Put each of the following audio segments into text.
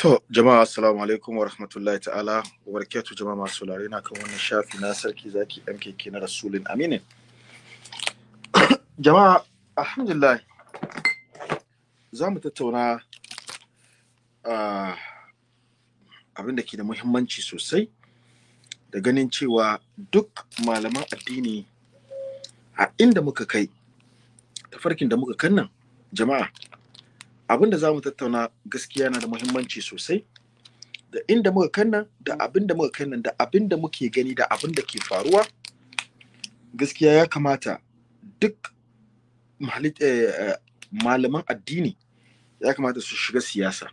To, jama'a assalamu alaikum wa rahmatullahi ta'ala, wa barakatuh jama'a masu laure na kan wannan shafi na sarki zaki MKK na Rasulun Aminin. jama'a, alhamdulillah, za mu tattauna uh, abin da ke da muhimmanci sosai da ganin cewa duk malaman addini a inda muka kai, tafarkin da muka kan nan, jama'a, abin da za mu tattauna gaskiya na da muhimmanci sosai da inda muka kanna da abin da muka kanna da abin da muke gani da abin da ke faruwa gaskiya ya kamata duk eh, eh, malaman addini ya kamata su shiga siyasa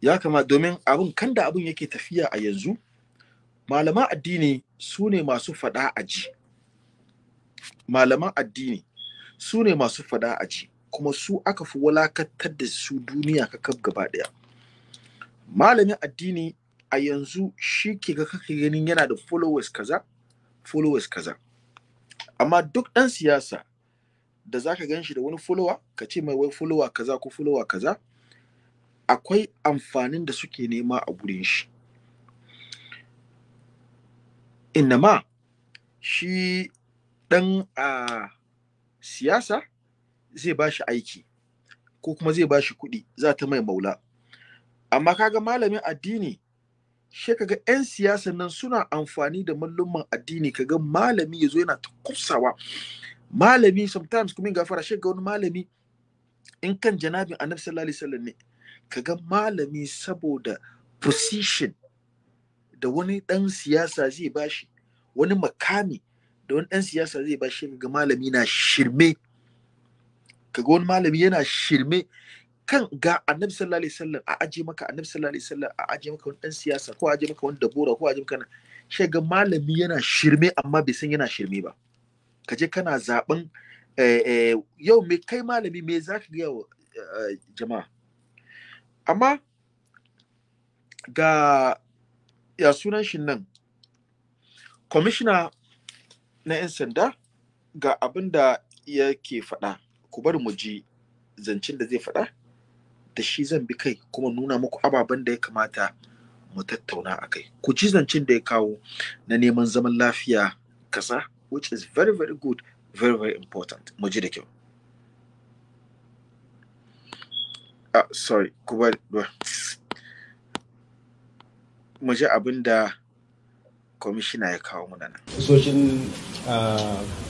ya kama domin abin kan da abin yake tafiya a yanzu malaman addini su ne masu faɗa aji malaman addini su ne masu faɗa aji kuma su aka fi walakantar da su duniya kakaf gaba ɗaya malamin addini a yanzu shi ke ga kake ganin yana da followers kaza followers kaza amma duk ɗan siyasa da za ka gan da wani follower ka ce mai wai follower kaza ko follower kaza akwai amfanin da suke nema a gurin shi inama shi ɗan a ah, siyasa zai ba shi aiki ko kuma zai ba shi kuɗi za ta mai maula amma kaga malamin addini shi kaga 'yan siyasa nan suna amfani da malluman addini kaga malami ya zo yana ta kusawa malami sometimes kuma gafara shi ga wani malami in kan janabin annabi sallallahu alaihi wasallam ne kaga malami saboda position da wani dan siyasa zai bashi wani makami da wani dan siyasa zai bashi ga malami na shirme kaga wani malami yana shirme kan ga annabi sallallahu alaihi wasallam a aje maka annabi sallallahu alaihi wasallam a aje maka wani dan siyasa ko aje maka wani dabora ko aje maka shi ga malami yana shirme amma bai san yana shirme ba kaje kana zaben eh, eh, yau me kai malami me zaka ga eh, jama'a amma ga ya sunan shi nan kwamishina na 'yan sanda ga abin da yake faɗa ku bar mu ji zancen da zai faɗa da shi zan bi kai kuma nuna muku ababen da ya kamata mu tattauna a kai ku ji zancen da ya kawo na neman zaman lafiya kasa which is very very good very very important mu ji da kyau ah sorry ku bar mu ji abin da kwamishina ya kawo mana nan. a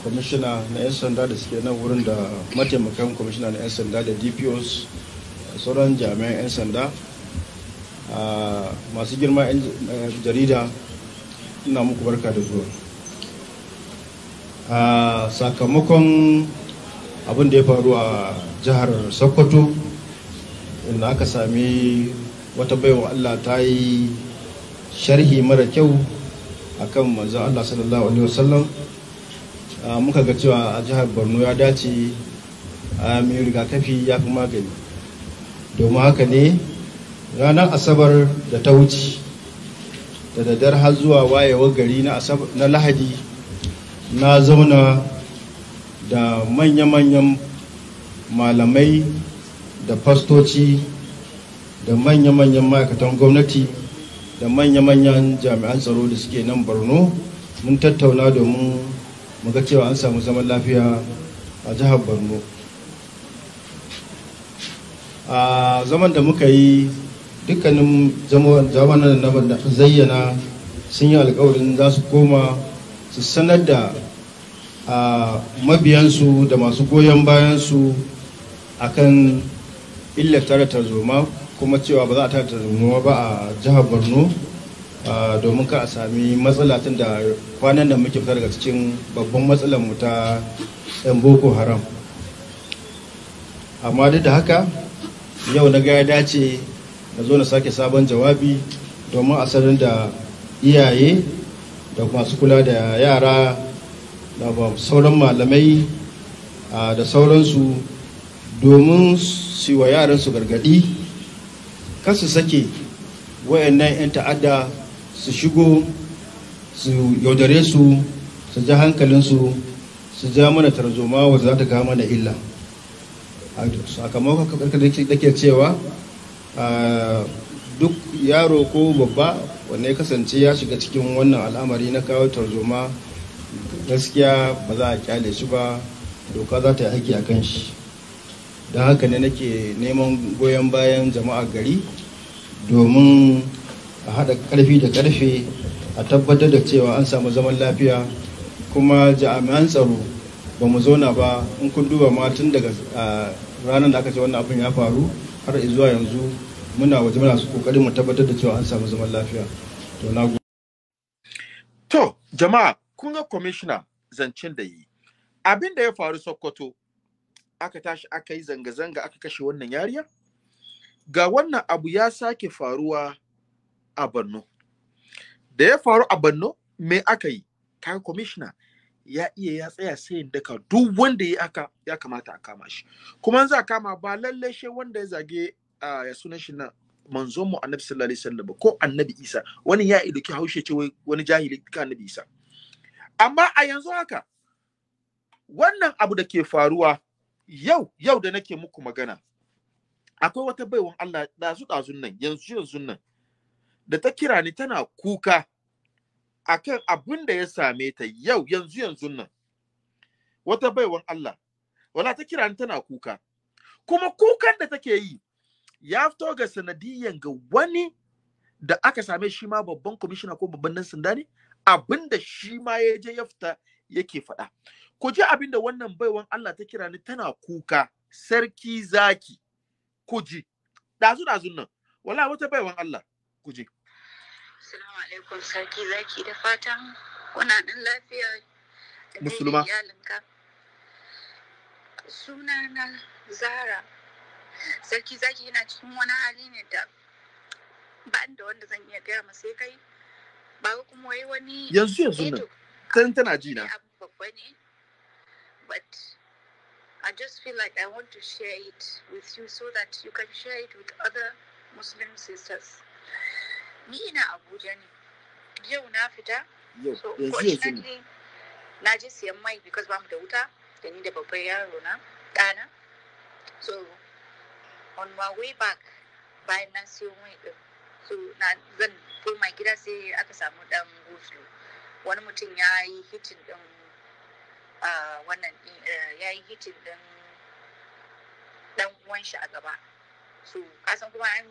kwamishina na 'yan sanda da suke nan wurin da mataimakan kwamishina na 'yan sanda da dpos sauran jami'an 'yan sanda masu girma eh, jarida ina muku barka da zuwa sakamakon abin da ya faru a jihar sokoto inda aka sami wata baiwa allah ta yi sharhi mara kyau akan kan allah sallallahu alaihi wasallam muka ga cewa a jihar borno ya dace a mai rigakafi ya fi magani domin haka ne ranar asabar da ta wuce da daddar har zuwa wayewar gari na lahadi na zauna da manya-manyan malamai da fastoci da manya-manyan ma'aikatan gwamnati da manya-manyan jami'an tsaro da suke nan borno mun tattauna domin muga cewa an samu zaman lafiya a jihar borno a zaman da muka yi dukkanin zamanin da zayyana sun yi alkawarin za su koma su sanar da mabiyansu da masu goyon bayansu akan illar tare tarzoma kuma cewa ba za a tare tarzoma ba a jihar borno Ah, domin ka a sami matsala tun da kwanan da muke fita daga cikin babban matsalar mu ta 'yan boko haram amma duk da haka yau na ga ya dace na zo na sake sabon jawabi domin a sanar da iyaye da masu kula da yara da sauran malamai ah, da sauransu domin su wa yaransu gargadi kasu sake wayannan 'yan ta'adda su shigo su yaudare su su ja hankalinsu su ja mana tarzoma wadda za ta kawo mana illa sakamakon kakar da ke cewa duk yaro ko babba wanda ya kasance ya shiga cikin wannan al'amari na kawo tarzoma gaskiya ba za a kyale shi ba doka za ta yi haƙƙi a kan shi don haka ne nake neman goyon bayan jama'a gari domin a haɗa ƙarfi da ƙarfe a tabbatar da cewa an samu zaman lafiya kuma jami'an tsaro ba mu zauna ba in kun duba ma tun daga ranar da aka ce wannan abin ya faru har zuwa yanzu muna waje muna su kokarin mu tabbatar da cewa an samu zaman lafiya to na to jama'a kun ga commissioner zancen da yi abin da ya faru sokoto aka tashi aka yi zanga-zanga aka kashe wannan yariya ga wannan abu ya sake faruwa a Borno da ya faru a Borno me aka yi kai commissioner ya iya ya tsaya sayin daka duk wanda ya aka ya kamata a kama shi kuma za a kama ba lalle shi wanda ya zage ya sunan shi na manzon mu annabi sallallahu alaihi wasallam ko annabi isa wani ya iduki haushe ce wani jahili ka annabi isa amma a yanzu haka wannan abu da ke faruwa yau yau da nake muku magana akwai wata baiwan Allah dazu dazun nan yanzu yanzu nan da ta kira ni tana kuka akan abin da ya same ta yau yanzu yanzu nan wata baiwan Allah wala ta kira ni tana kuka kuma kukan da take yi ya fito ga sanadiyan ga wani da aka same shi ma babban kwamishina ko babban nan sanda ne abin da shi ma ya je ya fita yake faɗa ku ji abin da wannan baiwan Allah ta kira ni tana kuka sarki zaki ku ji dazu dazun nan wala wata baiwan Allah guje. Assalamu alaikum sarki zaki da fatan kuna nan lafiya. Musulma. Suna na Zara. Sarki zaki yana cikin wani hali ne da ban da wanda zan iya gaya ma ya kai. Ba kuma wai wani. Yanzu yanzu nan. Tan tana ji na. But I just feel like I want to share it with you so that you can share it with other Muslim sisters. ni ina abuja ne yau na fita so unfortunately na je siyan mai because ba mu da wuta da ni da babban yaro na ɗana so on my way back bayan na siyo mai ɗin so na zan koma gida sai aka samu ɗan goslo wani mutum ya yi hitin ɗin wannan eh, ya yi hitin ɗin ɗan uwan shi a gaba so kasan kuma an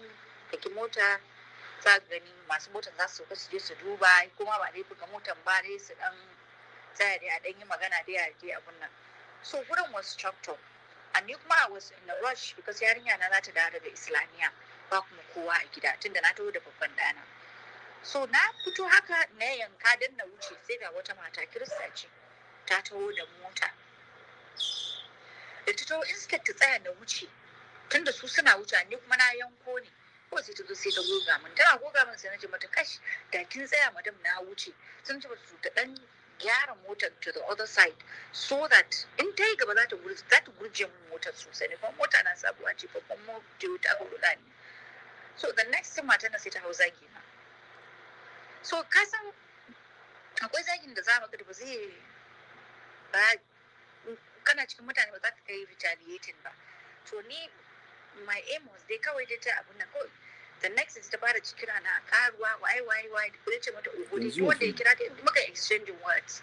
yi. saki mota za gani masu motar za su su je su duba kuma ba dai buga motar ba dai su dan tsaya dai a dan yi magana dai a je abun nan so gurin was chopped A and ni kuma a was in a rush because yarinya na za ta dawo daga islamiya ba kuma kowa a gida tunda na taho da babban dana so na fito haka na yanka dan na wuce sai ga wata mata kirista ce ta taho da mota da ta taho insta ta tsaya na wuce tunda su suna wuce ni kuma na yanko ne ko sai ta zo sai ta goga min tana goga min sai na ce mata kash da kin tsaya madam na wuce sun ce su ta dan gyara motar to the other side so that in ta yi gaba za ta gurje za ta gurje min motar sosai ne kuma mota na sabuwa ce babban mota ta hulula ne so the next time mata na sai ta hau zagi na so ka san akwai zagin da za mu ga da ba zai ba kana cikin mutane ba za ka kai retaliating ba to ni my was dai kawai dai ta abun nan kawai the next is ta fara kira na karuwa wai wai wai da kuma ce mata ugu ne wanda ya kira ta muka exchange words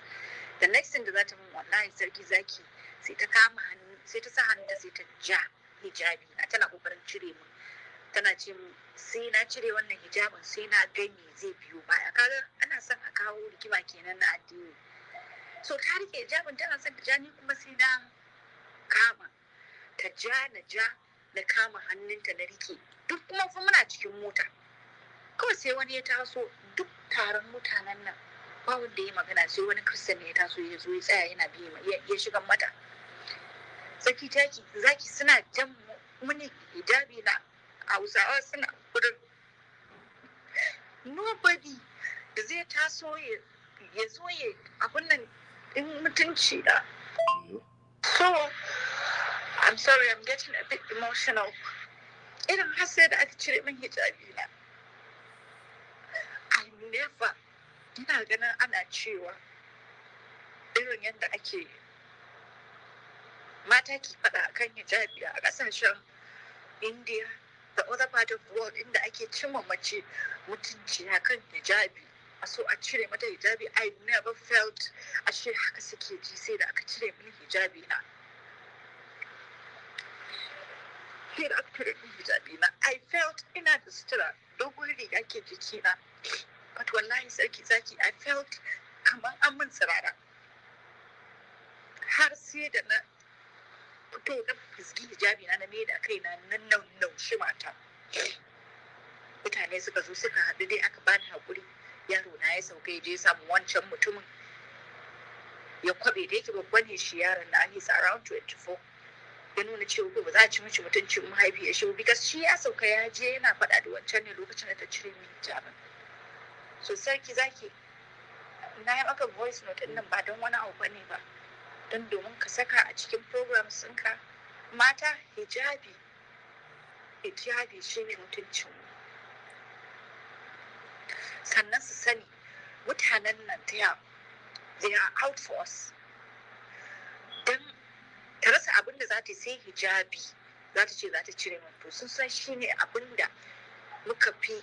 the next thing da za ta mun wallahi sarki zaki sai ta kama hannu sai ta sa hannu ta sai ta ja hijabi na tana kokarin cire mu tana ce mu sai na cire wannan hijabin sai na gani zai biyo baya kaga ana son a kawo rigima kenan na addini so ta rike hijabin tana son ta ja ni kuma sai na kama ta ja na ja na kama hannunta na rike duk kuma fa muna cikin mota kawai sai wani ya taso duk taron mutanen nan ba wanda ya magana sai wani kristan ya taso ya zo ya tsaya yana biye ya shiga mata tsaki taki zaki suna jan muni hijabi na hausawa suna kudin nobody da zai taso ya zo ya abin nan in mutunci da so I'm sorry, I'm getting a bit emotional. Irin hasiyar da aka cire min hijabi na. I never, ina ganin ana cewa irin yadda ake mata ke faɗa akan hijabi a kasashen India da other part of the world inda ake cimma mace mutunci akan hijabi. a so a cire mata hijabi I never felt ashe haka suke ji sai da aka cire mini hijabi na. sai da aka tare min i felt ina da sutura dogon riga ke jiki na but wallahi sarki zaki i felt kamar an min har sai da na fito na fizgi hijabi na na me da kai na nan naushi mata mutane suka zo suka haɗu dai aka bani haƙuri yaro na ya sauka ya je samu wancan mutumin ya kwabe da yake babban shi yaron na he's around 24 ya nuna cewa gobe za a ci mishi mutuncin ya shi bikas shi ya sauka ya je yana faɗa da wancan ne lokacin da ta cire min hijabin so sarki zaki na yi maka voice note nan ba don wani abu bane ba don domin ka saka a cikin program ɗinka mata hijabi hijabi shi ne mutuncin sannan su sani mutanen nan ta they are out for us ta rasa abin da za ta sai hijabi za ta ce za ta cire min to sun san shi ne abin da muka fi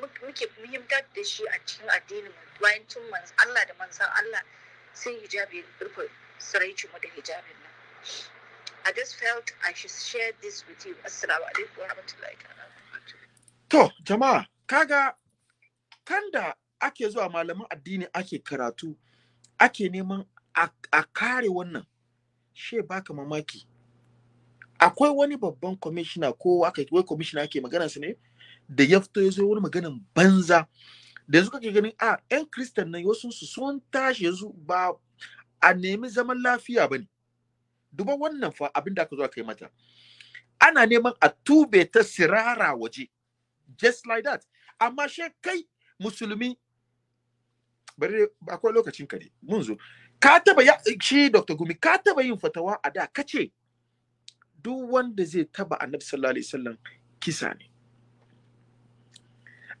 muke muhimmar da shi a cikin addinin bayan manzan Allah da manzan Allah sai hijabi rufe sarai mu da hijabin nan I just felt I should share this with you. Assalamu alaikum wa rahmatullahi To, jama'a, kaga kan da ake zuwa malaman addini ake karatu, ake neman a kare wannan she baka mamaki akwai wani babban kwamishina ko aka wai kwamishina ake magana su ne da ya fito ya zo wani maganan banza da yanzu kake ganin a yan kristan nan wasu su sun tashi yanzu ba a nemi zaman lafiya ba ne duba wannan fa abin da aka zo aka yi mata ana neman a tube ta sirara waje just like that amma she kai musulmi bari akwai lokacin ka ne mun zo ka taba ya shi Dr. Gumi ka taba yin fatawa a da kace duk wanda zai taba Annabi sallallahu alaihi wasallam kisa ne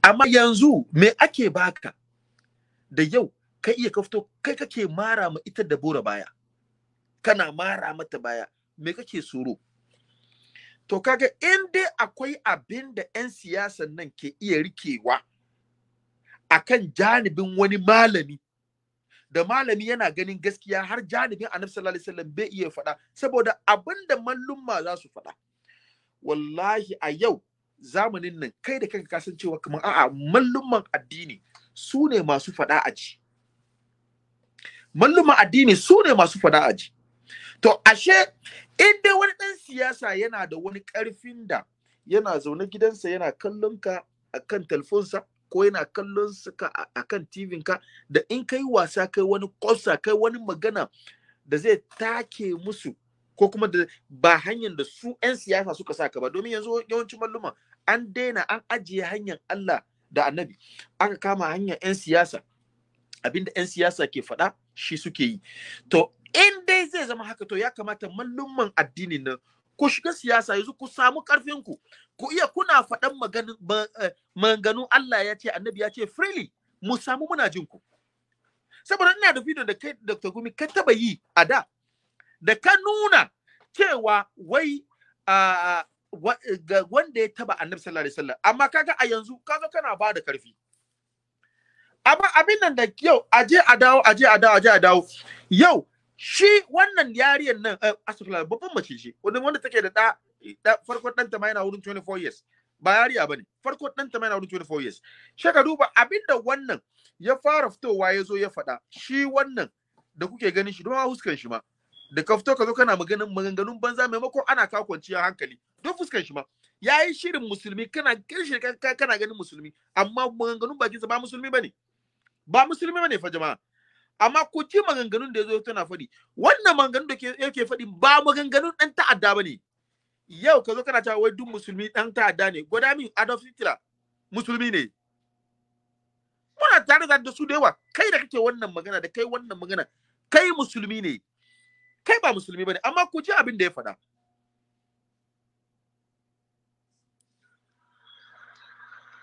amma yanzu me ake baka da yau kai iya kafto kai kake mara ma ita da bora baya kana mara mata baya me kake tsoro to kaga in dai akwai abin da 'yan siyasan nan ke iya rikewa akan janibin wani malami da malami yana ganin gaskiya har janibin annabi sallallahu alaihi wasallam bai iya faɗa saboda abinda mallumma za su faɗa wallahi a yau zamanin nan kai da kanka kasan cewa kamar a'a mallumman addini su ne masu faɗa a ji mallumman addini su ne masu faɗa a ji to ashe in dai wani ɗan siyasa yana da wani karfin da yana zaune gidansa yana kallon ka akan talfonsa ko yana kallon ka a kan TV ka da in kai wasa kai wani kwalsa kai wani magana da zai take musu ko kuma da ba hanyar da su 'yan siyasa suka saka ba domin yanzu yawancin malluma an daina an ajiye hanyar Allah da annabi aka kama hanyar 'yan siyasa abinda 'yan siyasa ke faɗa shi suke yi to in dai zai zama haka to ya kamata malluman addinin nan ku shiga siyasa yanzu ku samu karfin ku ku iya kuna faɗan maganin eh, Allah ya ce annabi ya ce freely mu samu muna jin ku saboda ina da video da kai Dr. Gumi ka taba yi a da da ka nuna cewa wai wanda ya taba annabi sallallahu alaihi wasallam amma kaga a yanzu kaga kana ba da karfi amma abin nan da yau aje a dawo aje a dawo aje a dawo yau shi wannan yariyan nan eh, asifila babban mace ce wanda take da da farko ɗanta ma yana wurin 24 years ba yariya bane farko ɗanta ma yana wurin 24 years shi ka duba abinda wannan ya fara fitowa ya zo ya faɗa shi wannan da kuke ganin shi don huskan shi ma da ka fito ka zo kana maganin maganganun banza maimakon ana ka kwanciya hankali don fuskan shi ma ya yi shirin musulmi kana kana ganin musulmi amma maganganun bakinsa ba musulmi bane ba musulmi bane fa jama'a amma ku ki maganganun da ya zo tana faɗi wannan maganganun da yake faɗi ba maganganun ɗan ta'adda ba ne yau ka zo kana cewa wai duk musulmi ɗan ta'adda ne gwada min Adolf Hitler musulmi ne muna tare da su da yawa kai da kake wannan magana da kai wannan magana kai musulmi ne kai ba musulmi bane amma ku ji abin da ya faɗa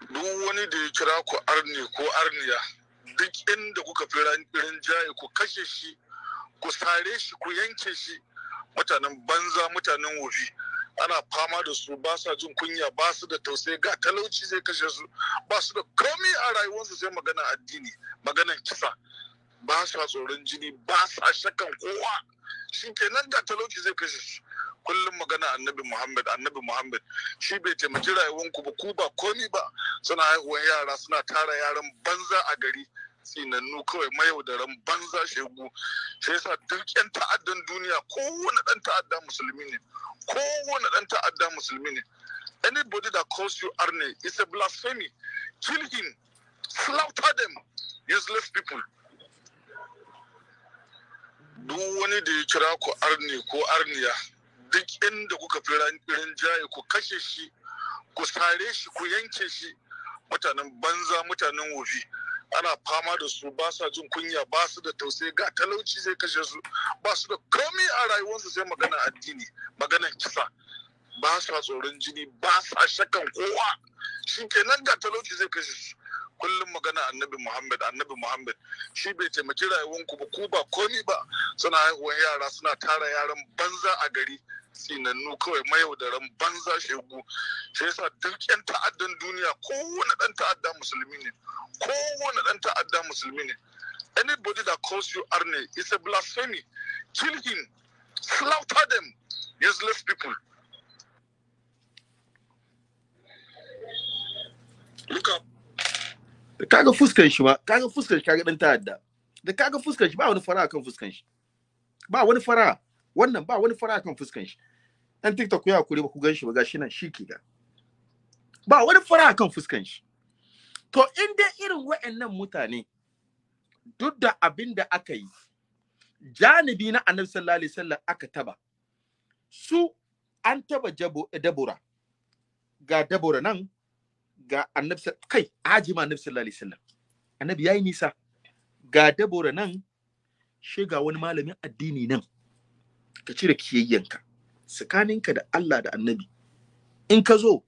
duk wani da ya kira ku arni ko arniya duk inda kuka fi rinjaye ku kashe shi ku sare shi ku yanke shi mutanen banza mutanen wofi ana fama da su ba sa jin kunya ba su da tausayi ga talauci zai kashe su ba su da komi a rayuwarsu sai magana addini magana kisa ba sa tsoron jini ba sa shakan kowa shi kenan ga talauci zai kashe su kullum magana annabi muhammad annabi muhammad shi bai taimaki rayuwanku ba ku ba komi ba suna haihuwar yara suna tara yaran banza a gari tsinannu kawai mayaudaran banza shegu shi yasa duk yan ta'addan duniya kowane dan ta'adda musulmi ne kowane dan ta'adda musulmi ne anybody that calls you arne is a blasphemy kill him slaughter them useless people duk wani da ya kira ku arne ko arniya duk inda kuka fi rinjaye ku kashe shi ku sare shi ku yanke shi mutanen banza mutanen wofi ana fama da su ba sa jin kunya ba su da tausayi ga talauci zai kashe su ba su da komai a rayuwarsu sai magana addini magana kisa ba sa tsoron jini ba sa shakan kowa shi kenan ga talauci zai kashe su kullum magana annabi muhammad annabi muhammad shi bai taimaki ku ba ku ba komi ba suna haihuwar yara suna tara yaran banza a gari tsinannu kawai mayaudaran banza shegu shi yasa duk yan ta'addan duniya kowane dan ta'adda musulmi ne kowane dan ta'adda musulmi ne anybody that calls you arne is a blasphemy kill him slaughter them useless people look up da kaga fuskan shi ma kaga fuskan shi kaga dan ta'adda da kaga fuskan shi ba wani fara kan fuskan shi ba wani fara wannan ba wani fara kan fuskan shi dan tiktok ku ya kure ba ku gan shi ba gashi nan shi ke ga ba wani fara kan fuskan shi to in dai irin wa'annan mutane duk da abin da aka yi janibi na annabi sallallahu alaihi wasallam aka taba su an taba jabo dabura ga dabura nan ga annabsa kai ajima annabi sallallahu alaihi wasallam annabi yayi nisa ga dabora nan shiga wani malamin addini nan ka cire kiyayyanka tsakaninka da Allah da annabi in ka zo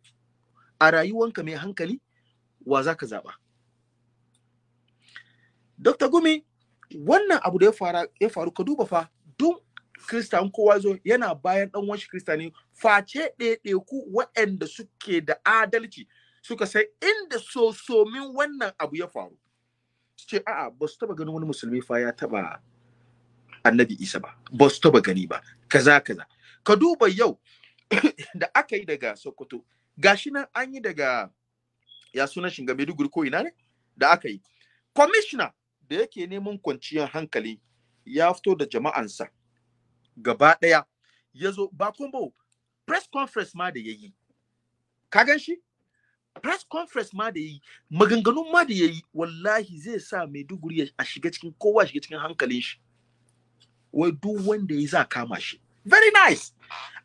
a rayuwanka mai hankali wa za ka zaɓa Dr. Gumi wannan abu da ya faru ka duba fa duk kristan kowa zo yana bayan ɗan wanshi kristani face face ɗaiɗaiku waɗanda suke da adalci suka sai inda min wannan abu ya faru su ce a'a ba su taba ganin wani musulmi fa ya taba annabi isa ba ba su taba gani ba kaza kaza ka duba yau da aka yi daga sokoto gashi nan an yi daga ya sunan shiga maiduguri ko ina ne da aka yi kwamishina da yake neman kwanciyar hankali ya fito da jama'ansa gaba ɗaya ya zo ba kuma press conference ma da ya yi ka gan shi press conference ma da yi maganganun ma da ya yi wallahi zai sa maiduguri a shiga cikin kowa shiga cikin hankalin shi wai duk wanda ya za kama shi very nice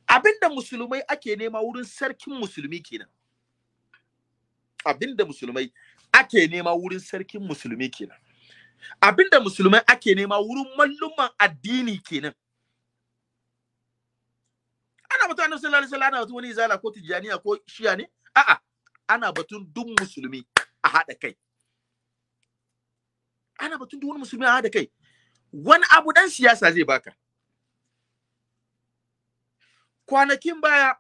abinda musulmai ake nema wurin sarkin musulmi kenan abinda musulmai ake nema wurin sarkin musulmi kenan abinda musulmai ake nema wurin malluman addini kenan ana mutane sallallahu alaihi wasallam ana wani izala ko tijaniya ko shiya ne a'a ana batun duk musulmi a haɗa kai ana batun duk wani musulmi a haɗa kai wani abu dan siyasa zai baka kwanakin baya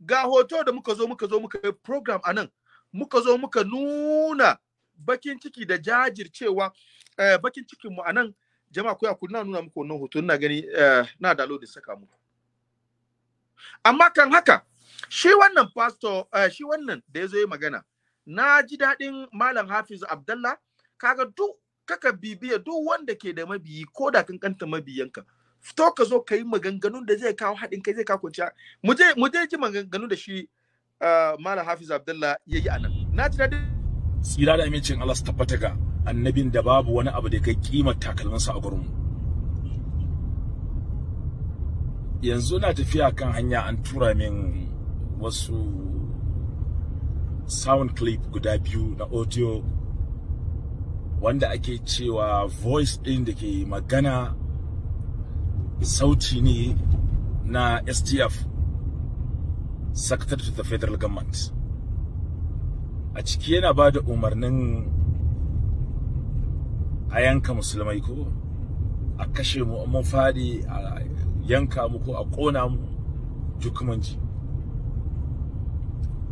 ga hoto da muka zo muka zo muka yi program a nan muka zo muka nuna bakin ciki da jajircewa eh, bakin cikinmu a nan jama'a kuya ku na nuna muku wannan hoto na gani eh, na da saka muku amma kan haka shi wannan pastor uh, shi wannan da ya zo yi magana na ji daɗin malam hafiz abdallah kaga duk kaka bibiya duk wanda ke da mabiyi ko da kankanta mabiyanka fito ka zo ka yi maganganun da zai kawo haɗin kai zai kawo kwanciya mu je ji maganganun da shi uh, malam hafiz abdallah ya yi a nan na ji daɗin tsira da amincin Allah su tabbata ga annabin da babu wani abu da kai kimar takalmansa a gurin mu. yanzu na tafiya kan hanya an tura min wasu sound clip guda biyu na audio wanda ake cewa voice ɗin da ke magana sauti ne na stf secretary to the federal government a ciki yana ba da umarnin a yanka musulmai ko a kashe mu mun fadi a yanka mu ko a kona mu duk mun ji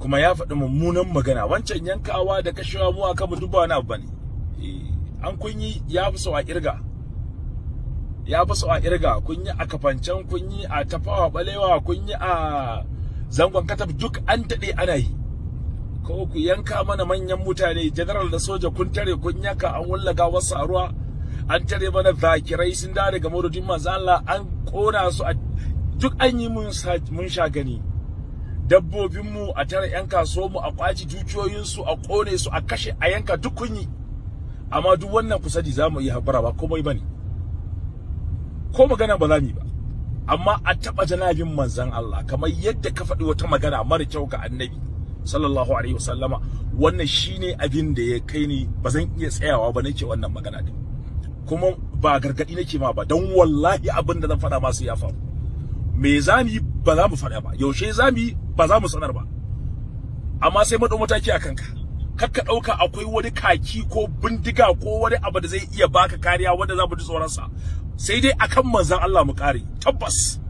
kuma ya faɗi mummunan magana wancan yankawa da kashewa mu aka mu ba wani abu bane eh, an kun yi ya fi a irga ya fi a irga kun yi a kafancan kun yi a tafawa balewa kun yi a zangon katab duk an daɗe ana yi ko ku yanka mana manyan mutane general da soja kun tare kun yanka an wallaga wasu a ruwa an tare mana zakirai sun da daga maududin manzo Allah an kona su a duk an yi mun sha gani dabbobinmu a tara 'yan mu a ƙwaci dukiyoyinsu a ƙone su a kashe a yanka duk kunyi amma duk wannan kusadi za mu yi haɓara ba komai ba ne ko magana ba za mu yi ba amma a taɓa janabin manzan Allah kamar yadda ka faɗi wata magana mara kyau ga annabi sallallahu alaihi wasallama wannan shine abin da ya kai ni ba zan iya tsayawa ba nake wannan magana din kuma ba gargadi nake ma ba don wallahi abin da zan faɗa masu ya faru me za mu yi ba za mu faɗa ba yaushe za mu yi ba za mu sanar ba amma sai maɗau mataki a kanka kakka ɗauka akwai wani kaki ko bindiga ko wani abu da zai iya baka kariya wanda za mu ji tsoronsa sai dai akan manzan Allah mu kare tabbas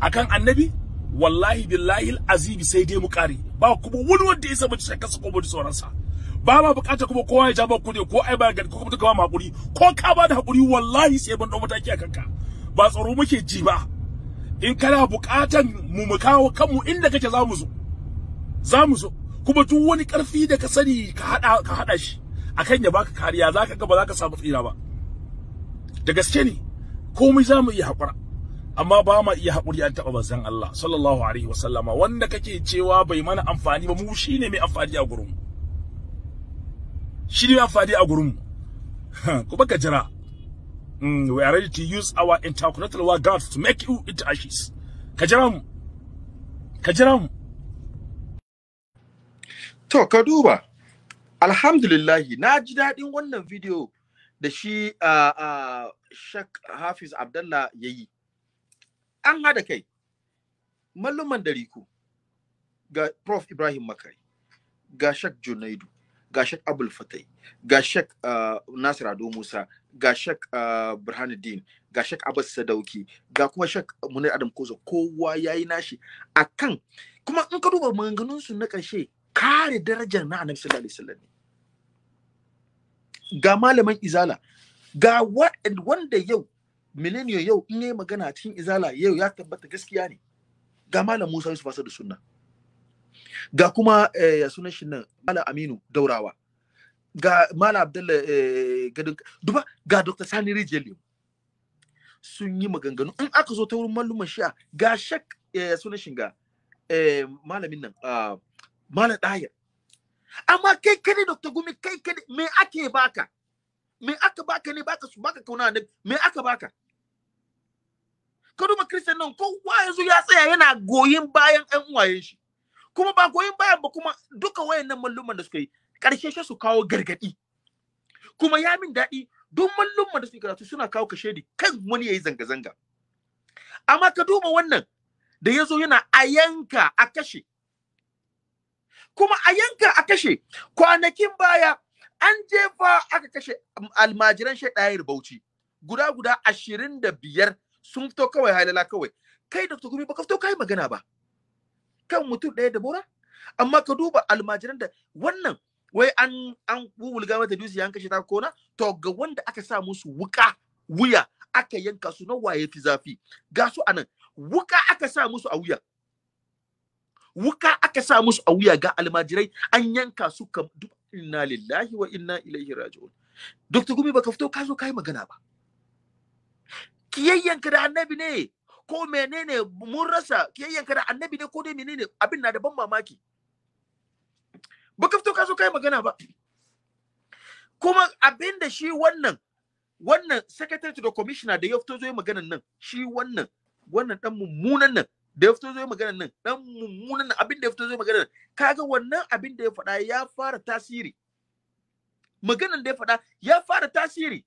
akan annabi wallahi billahi azibi sai dai mu kare ba kuma wani wanda ya saba shakka su ko mu ji tsoronsa ba ma bukata kuma kowa ya ja ba kuɗi ko ai ba ga ko kuma duka ba hakuri ko ka ba da hakuri wallahi sai ban dau mataki a kanka ba tsaro muke ji ba in kana buƙatan mu mu kawo kanmu inda kake za mu zo za mu zo kuma duk wani ƙarfi da ka sani ka haɗa ka haɗa shi akan ya baka kariya za ka ga ba za ka samu tsira ba da gaske ne komai za mu iya haƙura amma ba ma iya haƙuri an taɓa manzon Allah sallallahu alaihi wasallama wanda kake cewa bai mana amfani ba mu shine mai amfani a gurin shi ne amfani a gurin kuma ka jira Mm, we are ready to use our intercontinental war gods to make you into ashes. Ka Kajaram. Ka To, ka duba. na ji daɗin wannan video da shi uh, uh, Shek Hafiz Abdallah ya An hada kai, malluman dariku ga Prof Ibrahim Makari, ga Shek Junaidu, ga shek abul fatai ga shek uh, nasir ado musa ga shek uh, burhanuddin ga shek abbas sadauki ga kuma shek munir adam kozo kowa yayi nashi akan kuma in ka duba maganganun su na karshe kare darajar na annabi sallallahu alaihi wasallam ga malaman izala ga wanda yau millennium yau in yayi magana cikin izala yau ya tabbata gaskiya ne ga malam Musa Yusuf da Sunna ga kuma eh, ya sunan shi nan mala aminu daurawa ga mala abdalla eh, gadon duba ga dr sani rijeli sun yi maganganu in aka zo ta wurin malluman shi'a ga shak eh, sunan eh, malamin nan ah, mala daya amma kai kai dr gumi kai kai me ake baka me aka baka ne baka su baka kauna ne me aka baka ka duba kristan nan kowa yanzu ya tsaya yana goyin bayan ɗan uwayen shi kuma ba goyin bayan ba kuma duka wayannan malluman da suka yi karshe shi su kawo gargadi kuma ya min daɗi duk malluman da suke karatu suna kawo di kan wani yayi zanga-zanga amma ka duba wannan da yazo yana a yanka a kashe kuma a yanka a kashe kwanakin baya an jefa aka kashe um, almajiran shaiɗayar bauchi guda guda ashirin da biyar sun fito kawai halala kawai kai da kuma baka fito kai magana ba kan mutum ɗaya da bora amma ka duba almajiran da wannan wai an an wulga mata dusi an kashe ta kona to ga wanda aka sa musu wuka wuya aka yanka su na waye fi zafi ga su anan wuka aka sa musu a wuya wuka aka sa musu a wuya ga almajirai an yanka su kam duk inna lillahi wa inna ilaihi raji'un dr gumi baka fito ka zo kai magana ba kiyayyanka da annabi ne ko menene mun rasa kiyayyanka da annabi ne ko dai menene abin na da ban mamaki baka fito ka so kai magana ba kuma abin da shi wannan wannan secretary to the commissioner da ya fito zo maganan nan shi wannan wannan dan mummunan nan da ya fito zo maganan nan dan mummunan nan abin da ya fito zo maganan nan kaga wannan abin da ya faɗa ya fara tasiri maganan da ya faɗa ya fara tasiri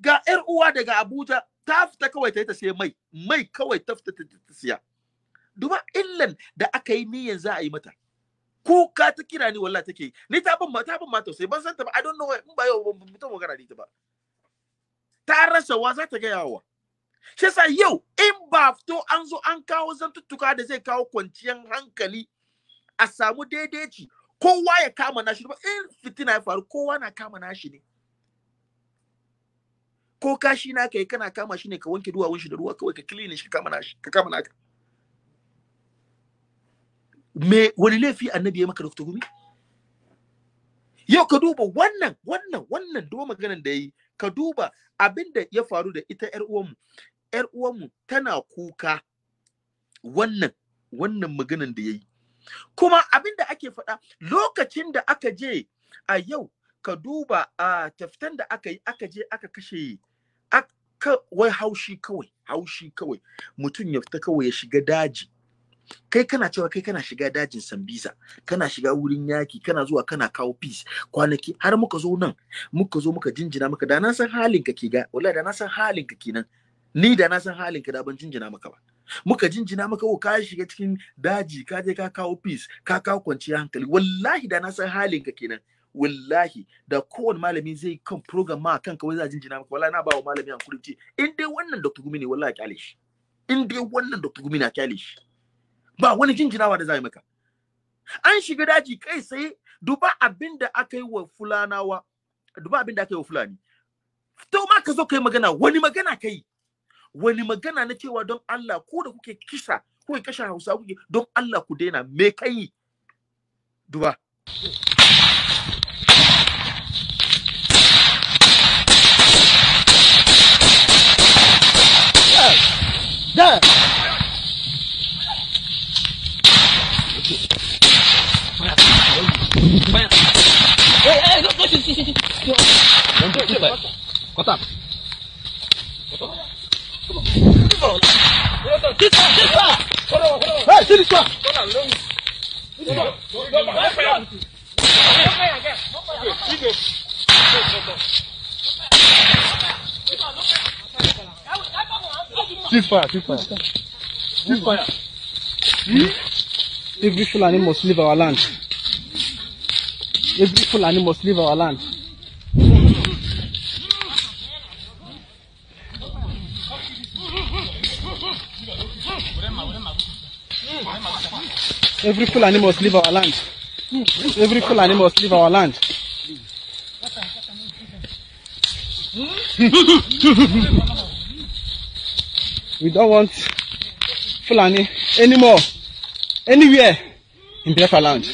ga yar uwa daga Abuja ta kawai ta yi ta siya mai mai kawai ta fita ta siya duba illan da aka yi niyan za a yi mata kuka ta kira ni wallahi take ni ta ban ta ban mata sai ban san ta ba i don't know in ba yau ban mutum magana ni ta ba ta rasa wa za ta ga yawa shi yasa yau in ba fito an zo an kawo zantuttuka da zai kawo kwanciyar hankali a samu daidaici kowa ya kama nashi ba in fitina ya faru kowa na kama nashi ne ko kashi na kai kana kama shi ne ka wanke duwawun shi da ruwa kawai ka clean shi ka kama shi ka kama naka me wani laifi annabi ya maka Dr. Gumi yau ka duba wannan wannan wannan duba maganar da yi ka duba abin da ya faru da ita yar uwanmu yar uwanmu tana kuka wannan wannan maganar da yayi kuma abin da ake faɗa lokacin da aka je a yau ka duba a taftan da aka yi aka je aka kashe akka wai haushi kawai haushi kawai mutum ya fita kawai ya shiga daji kai kana cewa kai kana shiga dajin sambisa kana shiga wurin yaki kana zuwa kana kawo peace kwanaki har muka zo nan muka zo muka jinjina maka da na san halin ka ke ga wallahi da na san halin ka kenan ni da na san halin ka da ban jinjina maka ba muka jinjina maka ko oh, ka shiga cikin daji ka je ka kawo peace ka kawo kwanciyar hankali wallahi da na san halin ka kenan wallahi da kowane malami zai kan program ma kan kawai za jinjina maka wallahi na ba wa malami hankuri ce in dai wannan Dr. Gumi ne wallahi kyale shi in dai wannan Dr. Gumi na kyale shi ba wani jinjinawa da za a yi maka an shiga daji kai sai duba abinda aka yi wa fulanawa duba abinda aka yi wa fulani to ma ka zo kai magana wani magana kai wani magana na cewa don Allah ko da kuke kisa kuke kashe Hausa kuke don Allah ku daina me kai duba What's up? Hey, Every Fulani must leave our land. Every Fulani must leave our land. Every Fulani must leave our land. Every Fulani must leave our land. we don't want Fulani anymore, anywhere in Biafra land.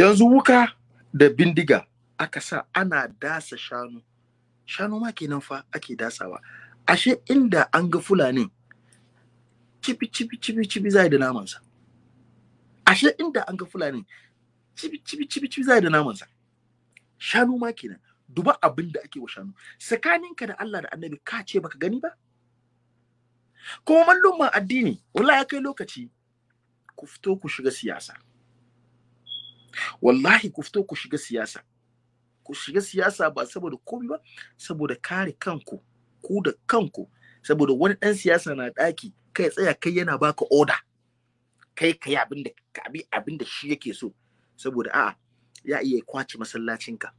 yanzu wuka da bindiga aka sa ana dasa shanu shanu ma kenan fa ake dasawa ashe inda an ga fulani, cibi cibi cibi cibi zai da namansa ashe inda an ga fulani, cibi cibi cibi cibi zai da namansa shanu ma kenan duba abin da ake wa shanu tsakaninka da Allah da annabi ka ce baka gani ba kuma mallum'an addini wallahi ya kai lokaci ku fito ku shiga siyasa wallahi ku fito ku shiga siyasa ku shiga siyasa ba saboda komai ba saboda kare kanku ku da kanku saboda wani dan siyasa na ɗaki kai tsaya kai yana baka oda kai kai abin da abin da shi yake so saboda a'a ya iya kwace masallacinka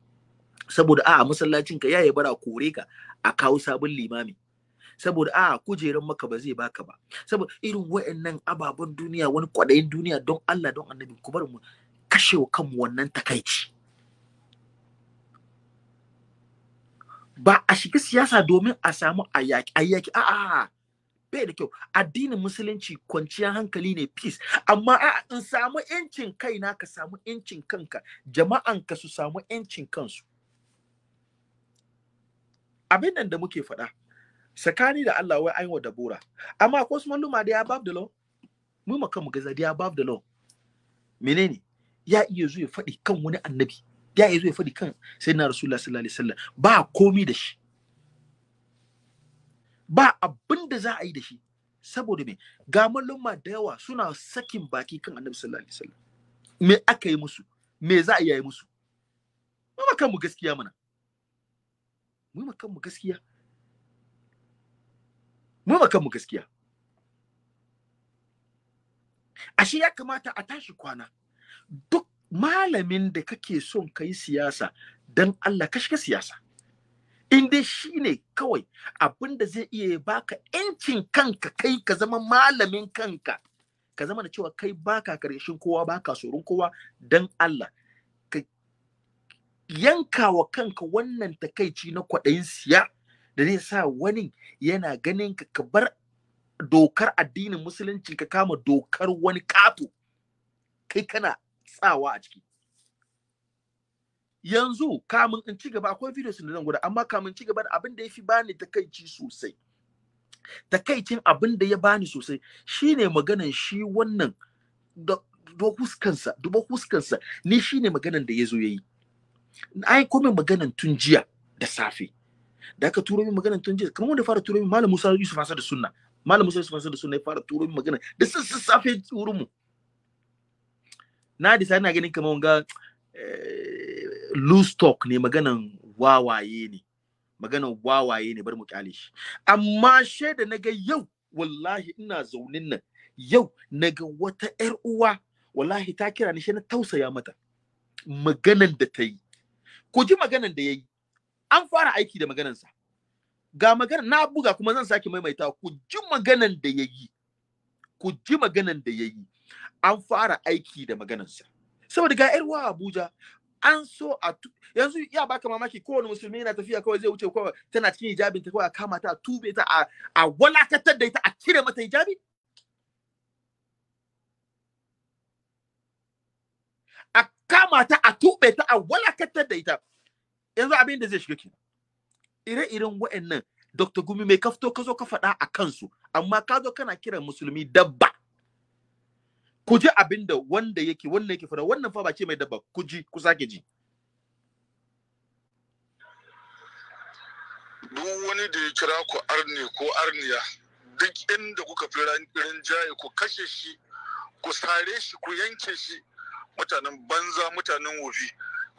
saboda a'a masallacinka ya yi bara kore ka a kawo sabon limami saboda a'a kujeran maka ba zai baka ba saboda irin wa'annan ababen duniya wani kwadayin duniya don Allah don annabi ku bar mu kashe wa kanmu wannan takaici ba a shiga siyasa domin a samu ayyaki. yaƙi a a bai da kyau addinin musulunci kwanciyar hankali ne peace amma a in samu yancin kaina ka samu yancin kanka jama'an ka su samu yancin kansu abin nan da muke faɗa tsakani da Allah wai aiwa da bura amma ko su malluma da ya da law mu makan mu gaza da ya bab da law menene ya iya zuwa faɗi kan wani annabi ya iya zuwa faɗi kan sayyidina rasulullah sallallahu alaihi wasallam ba komi da shi ba abin da za a yi da shi saboda me ga malluma da yawa suna sakin baki kan annabi sallallahu alaihi wasallam me aka yi musu me za a yi musu mu ma kanmu gaskiya mana mu ma kanmu gaskiya mu ma kanmu gaskiya ashe ya kamata a tashi kwana duk malamin da kake son ka siyasa don Allah ka shiga siyasa in dai shi ne kawai abin da zai iya baka yancin kanka kai ka zama malamin kanka ka zama da cewa kai baka karshen kowa baka tsoron kowa don Allah ka yanka wa kanka wannan takaici na kwaɗayin siya da zai sa wani yana ganin ka ka bar dokar addinin musulunci ka kama dokar wani kato kai kana tsawa a ciki yanzu kamun in ci gaba akwai videos da zan gwada amma kamun ci gaba da abin da ya fi bani takaici sosai takaicin abin da ya bani sosai shine maganan shi wannan da huskansa duba huskansa ni shine maganan da ya zo ya yi ai kome maganan tun jiya da safe da aka turo min maganan tun jiya kamar wanda fara turo min malam Musa Yusuf Hasa da sunna malam Musa Yusuf Hasa da sunna ya fara turo min magana da sassafe wurin mu na disa ina ganin kamar ga eh, loose talk ne maganan wawaye ne maganan wawaye ne bari mu kyale shi amma shaida na ga yau wallahi ina zaunin nan yau naga wata yar uwa wallahi ta kira ni shi na tausaya mata maganan da ta yi ku ji maganan da ya yi an fara aiki da maganansa ga magana na buga kuma zan sake maimaita ku ji maganan da ya yi ku ji maganan da ya yi an fara aiki da maganarsa saboda ga yarwa abuja an so a yanzu ya baka mamaki kowane musulmi yana tafiya kawai zai wuce kawai tana cikin hijabin ta kawai a kama ta a tube ta a, a walakatar da ita a cire mata hijabi a kama ta a tube ta a walakatar da ita yanzu abin da zai shiga ki ire-iren wa'annan Dr. Gumi mai kafto ka zo ka faɗa a kansu amma ka zo kana kiran musulmi dabba ku ji abin da wanda yake wannan yake fara wannan fa ba ce mai dabba ku ji ku sake ji duk wani da ya kira ku arne ko arniya duk inda kuka fi rinjaye ku kashe shi ku sare shi ku yanke shi mutanen banza mutanen wofi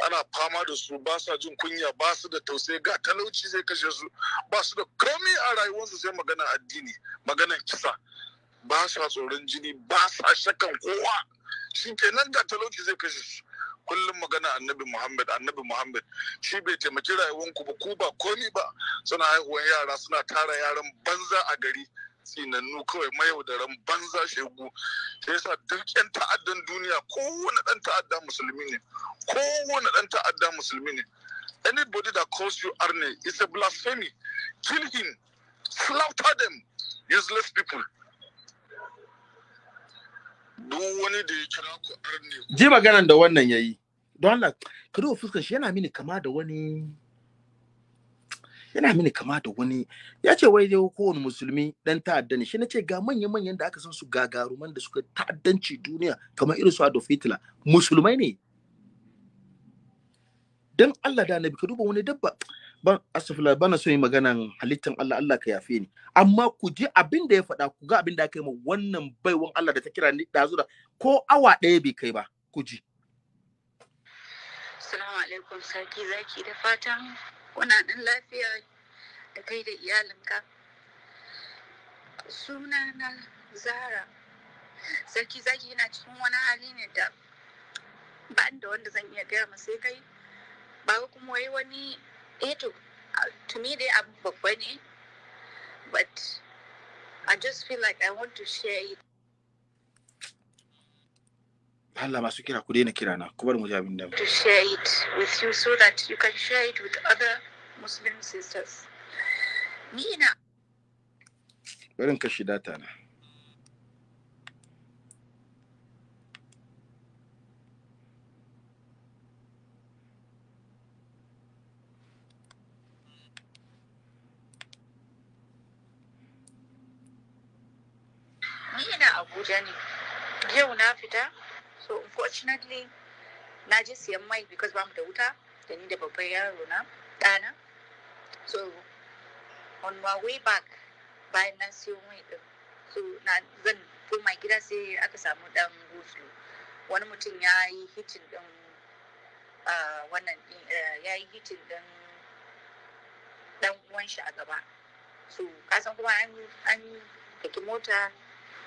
ana fama da su ba sa jin kunya ba su da tausayi ga talauci zai kashe su ba su da komi a rayuwarsu sai magana addini maganan kisa ba sa tsoron jini ba sa shakan kowa shi nan da talauci zai kashe su kullum magana annabi muhammad annabi muhammad shi bai taimaki rayuwar ku ba ku ba komi ba suna haihuwan yara suna tara yaran banza a gari tsinannu kawai mayaudaran banza shegu sai yasa duk yan ta'addan duniya kowane dan ta'adda musulmi ne kowane dan ta'adda musulmi ne anybody that calls you arne is a blasphemy kill him slaughter them useless people duk wani da ya kira ku arne ji maganan da wannan yayi don Allah ka duba fuskar shi yana mini kama da wani yana mini kama da wani ya ce wai dai kowane musulmi dan ta'adda ne shi na ce ga manya-manyan da aka san su gagaruman da suka ta'addanci duniya kamar irin su Adolf Hitler musulmai ne dan Allah da Annabi ka duba wani dabba ban asafila bana son yi maganan halittan Allah Allah ka yafe ni amma ku ji abin da ya faɗa ku ga abin da aka yi ma wannan baiwan Allah da ta kira ni da ko awa ɗaya bai kai ba ku ji Assalamu alaikum sarki zaki da fatan kuna nan lafiya da kai da iyalinka suna na Zara sarki zaki yana cikin wani hali ne da ba da wanda zan iya gaya ma sai kai ba kuma wai wani eh to uh, to me dai abu babba ne but I just feel like I want to share it. Allah masu kira ku daina kira na ku bar mu ji abin da to share it with you so that you can share it with other Muslim sisters. Ni ina barin ka shi data na. journey. yau na fita so unfortunately na ji siyan mai because bamu da wuta da ni da babban yaro na ɗana so on my way back bayan na siyo mai ɗin so na zan koma gida sai aka samu ɗan goslo wani mutum ya yi hitin ɗin wannan eh, ya yi hitin uwan shi a gaba so kasan kuma an yi mota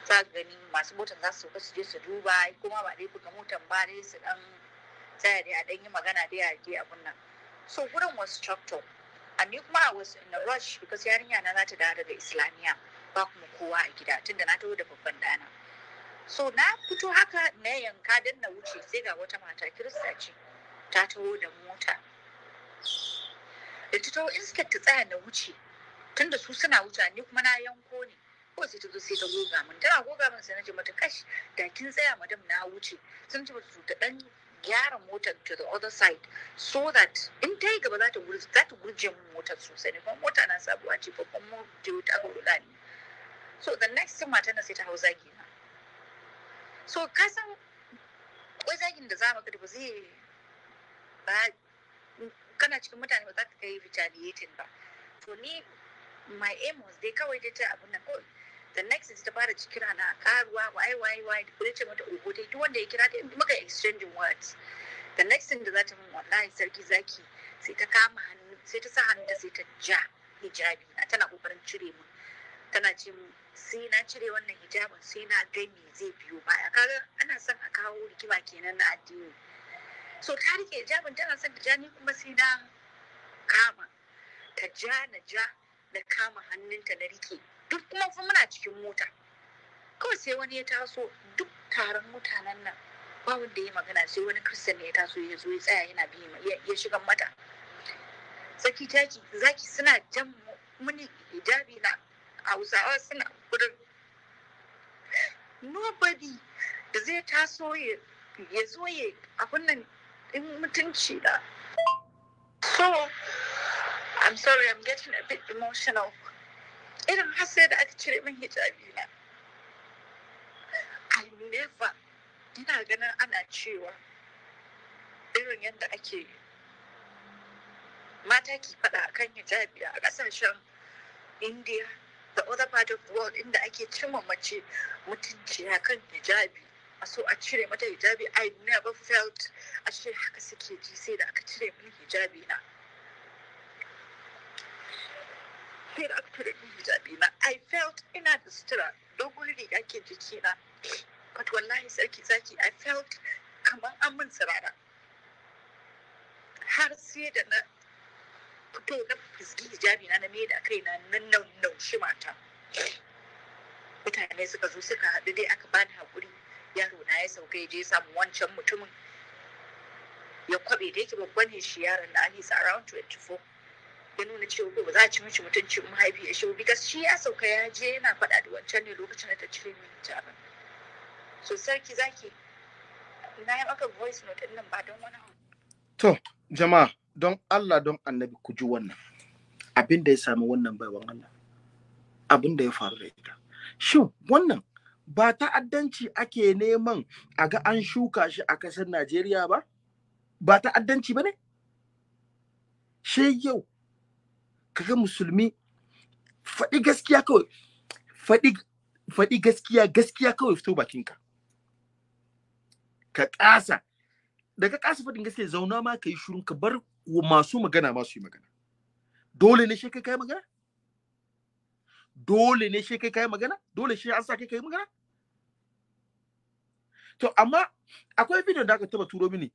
sa gani masu motar za su su je su duba kuma ba dai buga motar ba dai su dan tsaya dai a dan yi magana dai a je abun nan so wurin was chapter A and ni kuma a was in a rush because yarinya na za ta dawo daga islamiyya. ba kuma kowa a gida tunda na taho da babban dana so na fito haka na yanka dan na wuce sai ga wata mata kirista ce ta taho da mota da ta taho iskar ta tsaya na wuce tunda su suna wuce ni kuma na yanko ne ko sai ta zo sai ta goga min tana goga min sai na ce mata kash da kin tsaya madam na wuce sun ce mata ta dan gyara motar to the other side so that in ta yi gaba za ta gurje za ta gurje min motar sosai ne kuma mota na sabuwa ce babban mota aka rula ne so the next time na sai ta hau zagi na so ka san kwai zagin da za mu ba zai ba kana cikin mutane ba za ka kai retaliating ba to ni my aim was dai kawai dai ta abin nan kawai the next is ta fara kira na karuwa waye waye waye da ce mata ogo ta duk wanda ya kira ta muka exchanging words the next thing da za ta mun wallahi sarki zaki sai ta kama hannu sai ta sa hannu ta sai ta ja hijabi na tana kokarin cire mu tana ce mu sai na cire wannan hijabin sai na gani me zai biyo baya kaga ana son a kawo rikima kenan na addini so ta rike hijabin tana son ta ja ni kuma sai na kama ta ja na ja na kama hannunta na rike duk kuma kuma muna cikin mota kawai sai wani ya taso duk taron mutanen nan ba wanda ya magana sai wani kristan ya taso ya zo ya tsaya yana bi ya shiga mata tsaki taki zaki suna jan muni hijabi na hausawa suna gudun nobody da zai taso ya zo ya abin nan in mutunci da so i'm sorry i'm getting a bit emotional irin har sai da aka cire min hijabi na i never ina ganin ana cewa irin yadda ake mata ke faɗa kan hijabi a kasashen india da other part of the world inda ake cimma mace mutunci kan hijabi a so a cire mata hijabi i never felt ashe haka suke ji sai da aka cire min hijabi na fed up da hijabi na i felt ina da sutura dogon riga ke jikina but wallahi sarki zaki i felt kamar an min tsirara har sai da na fito na fizgi hijabi na na kaina na shi mata mutane suka zo suka haɗu dai aka bani haƙuri yaro na ya sauka ya je samu wancan mutumin ya kwabe da yake babban shi yaron na he's around 24 ya nuna cewa ko ba za a ci mishi mutunci mahaifiyar shi bikas shi ya sauka ya je yana faɗa da wancan ne lokacin da ta cire min hijabin so sarki zaki na yi maka voice note nan ba don wani to jama'a don Allah don annabi ku ji wannan abin da ya sami wannan baiwan Allah abin da ya faru da ita shin wannan ba ta'addanci ake neman a ga an shuka shi a ƙasar Najeriya ba ba ta'addanci ba ne shi yau kaga musulmi faɗi gaskiya kawai faɗi faɗi gaskiya gaskiya kawai fito bakinka ka ƙasa daga ƙasa faɗin gaskiya zauna ma ka yi shirun ka bar masu magana masu yi magana dole ne shi kai kai magana dole ne shi kai kai magana dole shi an sa kai kai magana to amma akwai bidiyon da aka taba turo mini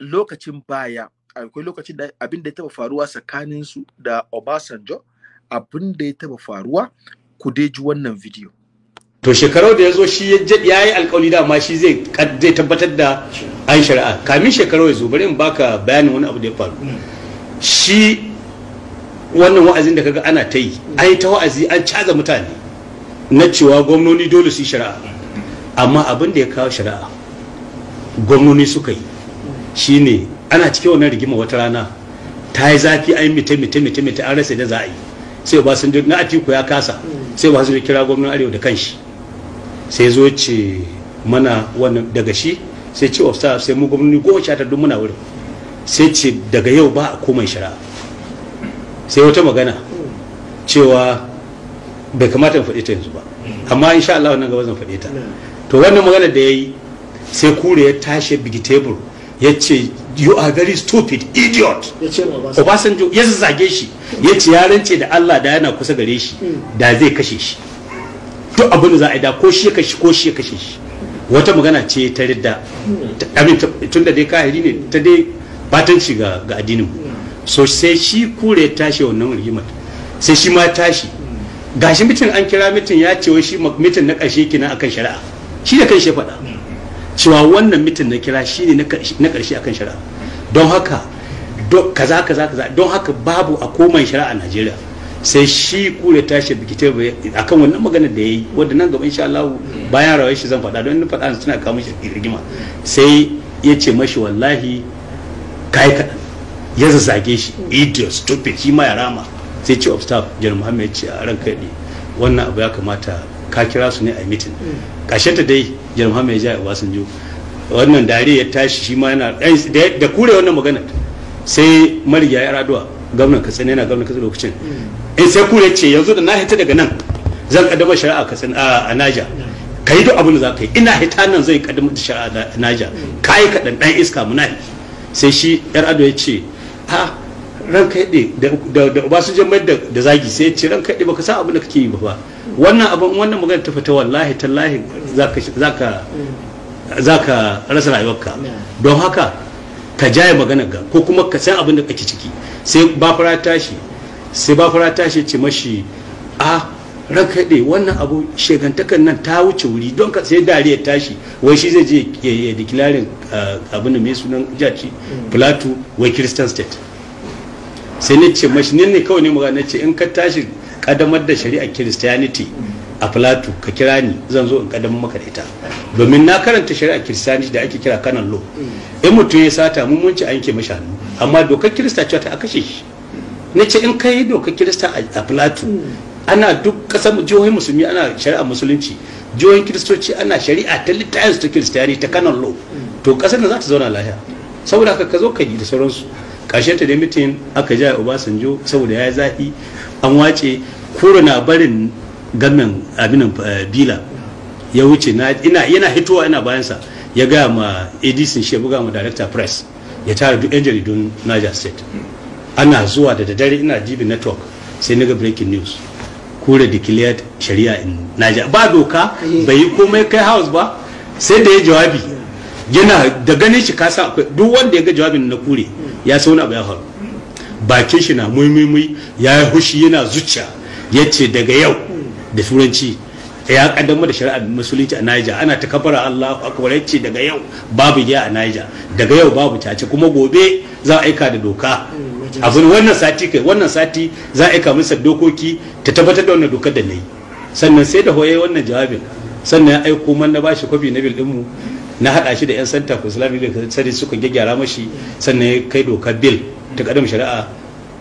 lokacin baya akwai lokacin da abin da ya taba faruwa tsakanin su da Obasanjo abin da ya taba faruwa ku dai ji wannan video to shekarar da ya zo shi ya yi alkawari ma shi zai zai tabbatar da an shari'a kamin shekarar ya zo bari in baka bayanin wani abu da ya faru hmm. shi wannan wa'azin da kaga ana ta yi an yi ta wa'azi an caza mutane na cewa gwamnoni dole su yi shari'a amma abin da ya kawo shari'a gwamnoni suka yi shine ana cikin wannan rigima wata rana ta yi zafi yi mita mita mita mita an rasa da za a yi sai ba sun na atiku ya kasa sai ba sun kira gwamnan arewa da kanshi sai zo ce mana wannan daga shi sai ce ofsa sai mu gwamnani goma sha duk muna wurin sai ce daga yau ba a komai shara sai wata magana cewa bai kamata in faɗi ta yanzu ba amma insha Allah wannan gaba zan faɗi ta to wannan magana da yayi sai kure ya tashi bigi table yace ce you are very stupid idiot obasanjo ya zage shi ya ce ya rance da allah da yana kusa gare shi hmm. da zai kashe shi duk abin da za a yi da ko shi ya kashe ko shi kashe shi wata magana ce ta ridda hmm. tun da dai kahiri ne ta dai batanci ga addinin hmm. so sai shi kure ya tashi wannan rigimar sai shi ma tashi gashi mitin an kira mitin ya ce wai shi mitin na ƙarshe kina akan shari'a shi da kan shi faɗa cewa wannan mitin na kira shi ne na karshe akan shari'a don haka kaza kaza kaza don haka babu a komai shari'a a Najeriya sai shi kure tashi a akan wannan magana da yi yi nan gaba insha Allah bayan rawar shi zan faɗa don in faɗa suna kawo mishi rigima sai ya ce mashi wallahi kai kaɗan ya zazage shi idiot stupid shi ma ya rama sai ce of staff jan muhammad ce a ran kaɗi wannan abu ya kamata ka kira su ne a mitin mm. ƙashe ta dai janar a ya obasanjo wannan dare ya tashi shi ma yana da kure wannan magana sai marigayi araduwa gwamnan katsina yana gwamnan katsina lokacin in mm. eh, sai kure ce yanzu da na hita daga nan zan kaddamar shari'a katsina a naja ka yi duk da za ka yi ina hita nan zai kaddamar da shari'a a naja mm. ka yi kaɗan ɗan iska munafiki sai shi yar ado ya ce a ran kaɗe da obasanjo mai da zagi sai ce ran kaɗe baka san abin da kake yi ba wannan abin wannan magana ta fita wallahi tallahi za ka rasa rayuwarka don haka ka jaye magana ga ko kuma ka san abin da kake ciki sai ba fara tashi sai ba fara tashi ce mashi a ran kaɗe wannan abu shegantakan nan ta wuce wuri don ka sai dariya tashi wai shi zai je ya dikilarin uh, abin da mai sunan jaci plateau wai christian state sai na ce mashinin ne kawai ne magana ce in ka tashi kadamar da shari'a christianity a plato ka kira ni zan zo in kadamar maka da ita domin na karanta shari'a christianity da ake kira kanan lo in mutum ya sata mun mun ci an ke mashi hannu amma dokar kirista cewa ta kashe shi na ce in ka yi dokar kirista a plato ana duk kasar jihohin musulmi ana shari'a musulunci jihohin kiristoci ana shari'a ta littafin su ta kiristiyani ta kanan lo to kasar da za ta zauna lahiya saboda haka ka zo ka yi da sauransu ƙarshe ta aka jaya obasanjo saboda ya zafi an wace kura na barin gamin abinan eh, bila ya wuce yana hitowa ina bayansa ya gaya ma adc shi ya buga ma director press ya tara duk yan jaridun niger state ana zuwa da daddare ina jibi network sai na ga breaking news kura declared shari'a in niger ba doka bai yi komai kai house ba sai da ya jawabi yana da ganin shi kasa akwai duk wanda ya ga jawabin na kure ya sa wani abu ya faru bakin shi na muimimi ya yi hushi yana zuciya ya ce daga yau da turanci ya kaddamar da shari'ar musulunci a Niger ana ta kafara Allah akwai ya ce daga yau babu giya a Niger daga yau babu cace kuma gobe za a aika da doka abin wannan sati kai wannan sati za a aika masa dokoki ta tabbatar da wannan dokar da na yi. sannan sai da hoye wannan jawabin sannan ya aiko man na bashi kwafi na bil dinmu. mu na haɗa shi da 'yan santa for islamic legal studies suka gyaggyara mashi sannan ya kai doka bill ta kadam shari'a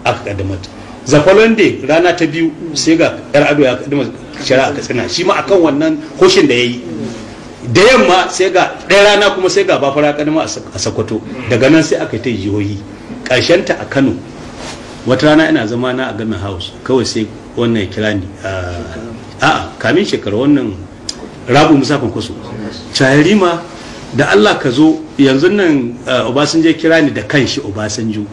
aka kaddamar za following day rana ta biyu sai ga yar ado ya kaddama shari'a katsina shi ma akan wannan hoshin da ya yi da yamma sai ga ɗaya rana kuma sai ga bafara kadama a sakwato daga nan sai aka yi ta karshen ta a kano wata rana ina zama na a gami house kawai sai wannan ya kira ni a'a kamin shekaru wannan rabu musafin kwaso cayarima da Allah ka zo yanzu nan uh, Obasanjo kira ni da kanshi Obasanjo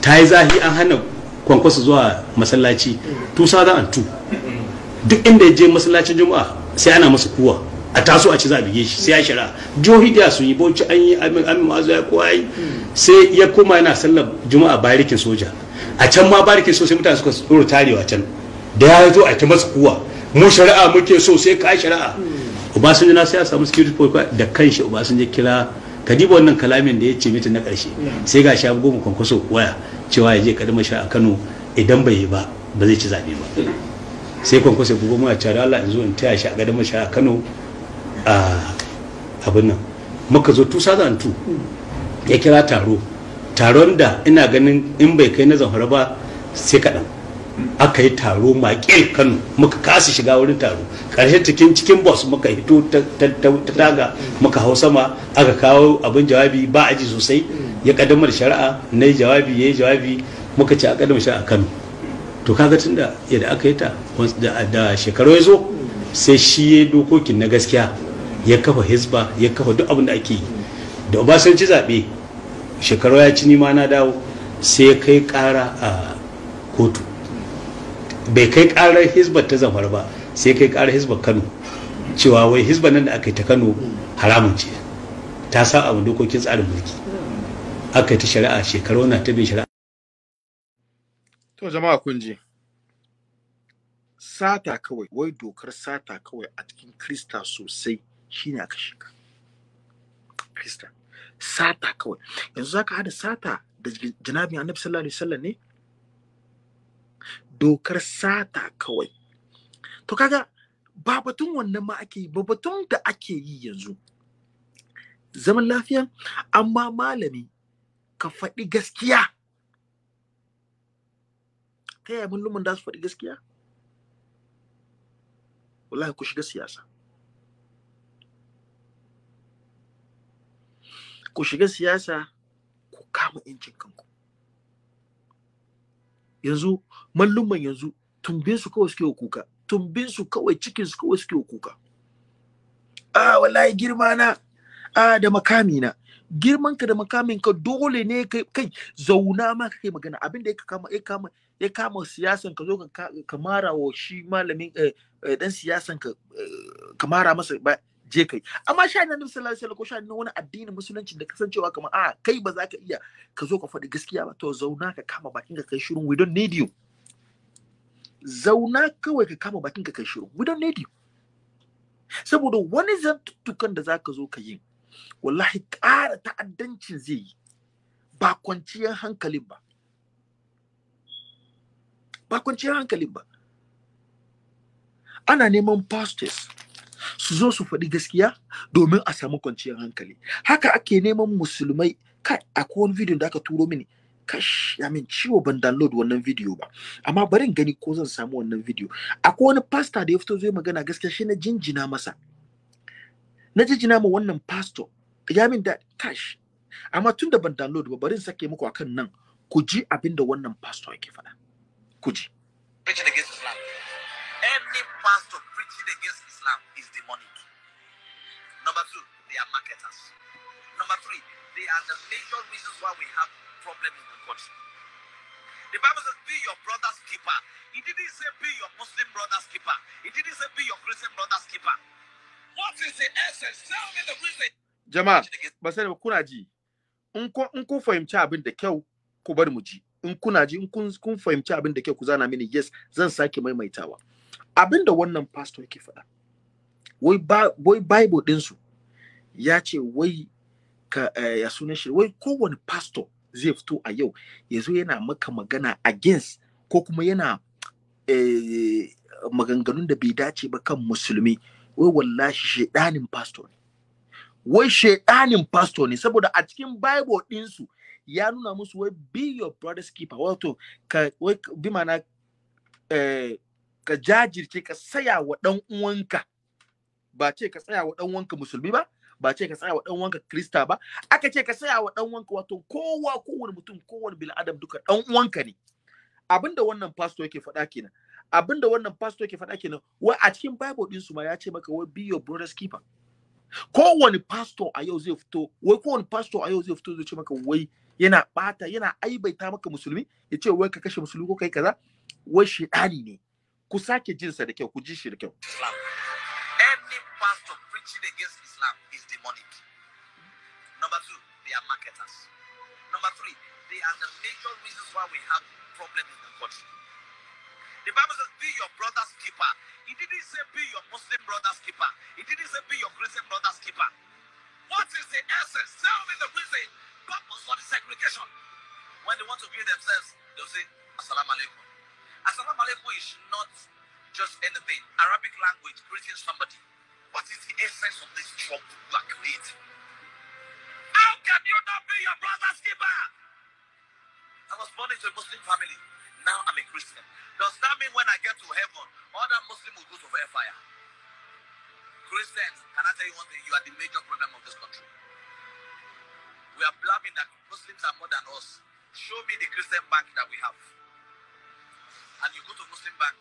ta yi zahi an hana kwankwaso zuwa masallaci 2002 duk inda ya je masallacin juma'a sai ana masa kuwa a taso a ci za a bige shi sai ya shira jihohi da sun yi bauchi an yi amin ma'azu ya kowa yi sai ya koma yana sallar juma'a barikin soja a can ma barikin soja sai mutane suka tsoro tarewa can da ya zo a ta masa kuwa mu shari'a muke so sai ka shari'a obasanjo na sai a samu security power da kanshi obasanjo kira kadibu wannan kalamin da ya ce mita na karshe sai ga shafi goma kwankwaso waya cewa ya je kadama sha a kano idan bai yi ba ba zai ci zaɓe ba sai kwankwaso ya bugo maya cewa Allah in zo in taya shi a kadama shi a kano a abin nan muka zo 2002 ya kira taro taron da ina ganin in bai kai na zamfara ba sai kaɗan aka yi taro makil kano muka kasa shiga wurin taro ƙarshen cikin cikin bus muka hito ta daga muka hau sama aka kawo abin jawabi ba ji sosai ya kaddamar shari'a na jawabi ya yi jawabi muka ci a kaddamar shari'a kano to kaga tunda yadda aka yi ta da shekaru ya zo sai shi ya dokokin na gaskiya ya kafa hisba ya kafa duk abin da ake yi da obasanci zaɓe shekaru ya ci nima na dawo sai ya kai ƙara a kotu bai kai karar hizbar ta zamfara ba sai kai karar hizbar kano cewa wai hizbar nan da aka yi ta kano haramun ce ta sa abu dokokin tsarin mulki aka yi ta shari'a shekaru na ta bai shari'a to jama'a kun ji sata kawai wai dokar sata kawai a cikin krista sosai shine aka shiga krista sata kawai yanzu zaka hada sata da janabin annabi sallallahu alaihi wasallam ne dokar sata kawai to kaga ba batun wannan ma ake yi ba batun da ake yi yanzu zaman lafiya amma malami ka faɗi gaskiya ta yaya mulmin da su faɗi gaskiya wallahi ku shiga siyasa ku shiga siyasa ku kama yancin kanku yanzu mallumman yanzu tumbin su kawai suke kuka tumbin su kawai cikin su kawai suke kuka a wallahi girma na a da makami na girman ka da makamin ka dole ne kai zauna ma kai magana abin da ya kama ya kama ya kama siyasan ka zo ka kamara wa shi malamin dan eh, eh, siyasan eh, ka kamara masa ba je kai amma sha ne nabi sallallahu alaihi wasallam ko wani addinin musulunci da kasancewa kamar a kai ba za ka iya ka zo ka faɗi gaskiya ba to zauna ka kama bakin ka kai shirin we don need you zauna kawai ka kama bakin ka kai shiru we don't need you saboda wani zantuttukan da zaka zo ka yi wallahi ƙara ta'addancin zai yi ba kwanciyar hankalin ba ba kwanciyar hankalin ba ana neman pastors su zo su faɗi gaskiya domin a samu kwanciyar hankali haka ake neman musulmai kai akwai wani video da aka turo mini kash ya min ciwo ban download wannan video ba amma barin gani ko zan samu wannan video akwai wani pastor da ya fito zai magana gaskiya shi na jinjina masa na jinjina ma wannan pastor ya min da kash amma tun da ban download ba barin sake muku akan nan ku ji abin da wannan pastor yake faɗa ku ji Any pastor preaching against Islam is demonic. Number two, they are marketers. Number three, they are the major reasons why we have problem in the country. The Bible says, be your brother's keeper. It didn't say be your Muslim brother's keeper. It didn't say be your Christian brother's keeper. What is the essence? Tell me the reason. Jama'a, ba sai kuna ji. In kun fahimci abin da kubari muji. bari mu ji. In kuna ji, in kun abin da kyau, ku mini yes, zan sake maimaitawa. Abin da wannan pastor yake faɗa. Wai Bible ɗinsu ya ce wai ka eh, ya sunan shi wai kowane pastor zai fito a yau ya zo yana maka magana against ko kuma yana eh, maganganun da bai dace ba kan musulmi wai wallahi shaidanin pastor ne wai shaidanin pastor ne saboda a cikin bible ɗinsu ya nuna musu wai be your brother's keeper wato ka wai bi mana eh, ka jajirce ka saya wa dan uwanka ba ce ka tsaya wa dan uwanka musulmi ba ba ce ka tsaya wa dan wanka krista ba aka ce ka saya wa dan wanka wato kowa kowane mutum kowane bil adam duka dan wanka ne abinda wannan pastor yake faɗa kenan abinda wannan pastor yake faɗa kenan wai a cikin bible din su ma ya ce maka wai be your brother's keeper kowane pastor a yau zai fito wai kowane pastor a yau zai fito zai ce maka wai yana bata yana aibaita maka musulmi ya ce wai ka kashe musulmi ko kai kaza wai shedani ne ku sake jinsa da kyau ku ji shi da kyau any pastor preaching against are the major reasons why we have problems in the country. The Bible says, be your brother's keeper. It didn't say be your Muslim brother's keeper. It didn't say be your Christian brother's keeper. What is the essence? Tell me the reason, purpose for the segregation. When they want to view themselves, they'll say, Assalamu alaikum. Assalamu alaikum is not just anything. Arabic language, greeting somebody. What is the essence of this trouble you are creating? How can you not be your brother's keeper? I was born into a Muslim family. Now I'm a Christian. Does that mean when I get to heaven, all that Muslim will go to hellfire? Christians, can I tell you one thing? You are the major problem of this country. We are blabbing that Muslims are more than us. Show me the Christian bank that we have. And you go to Muslim bank,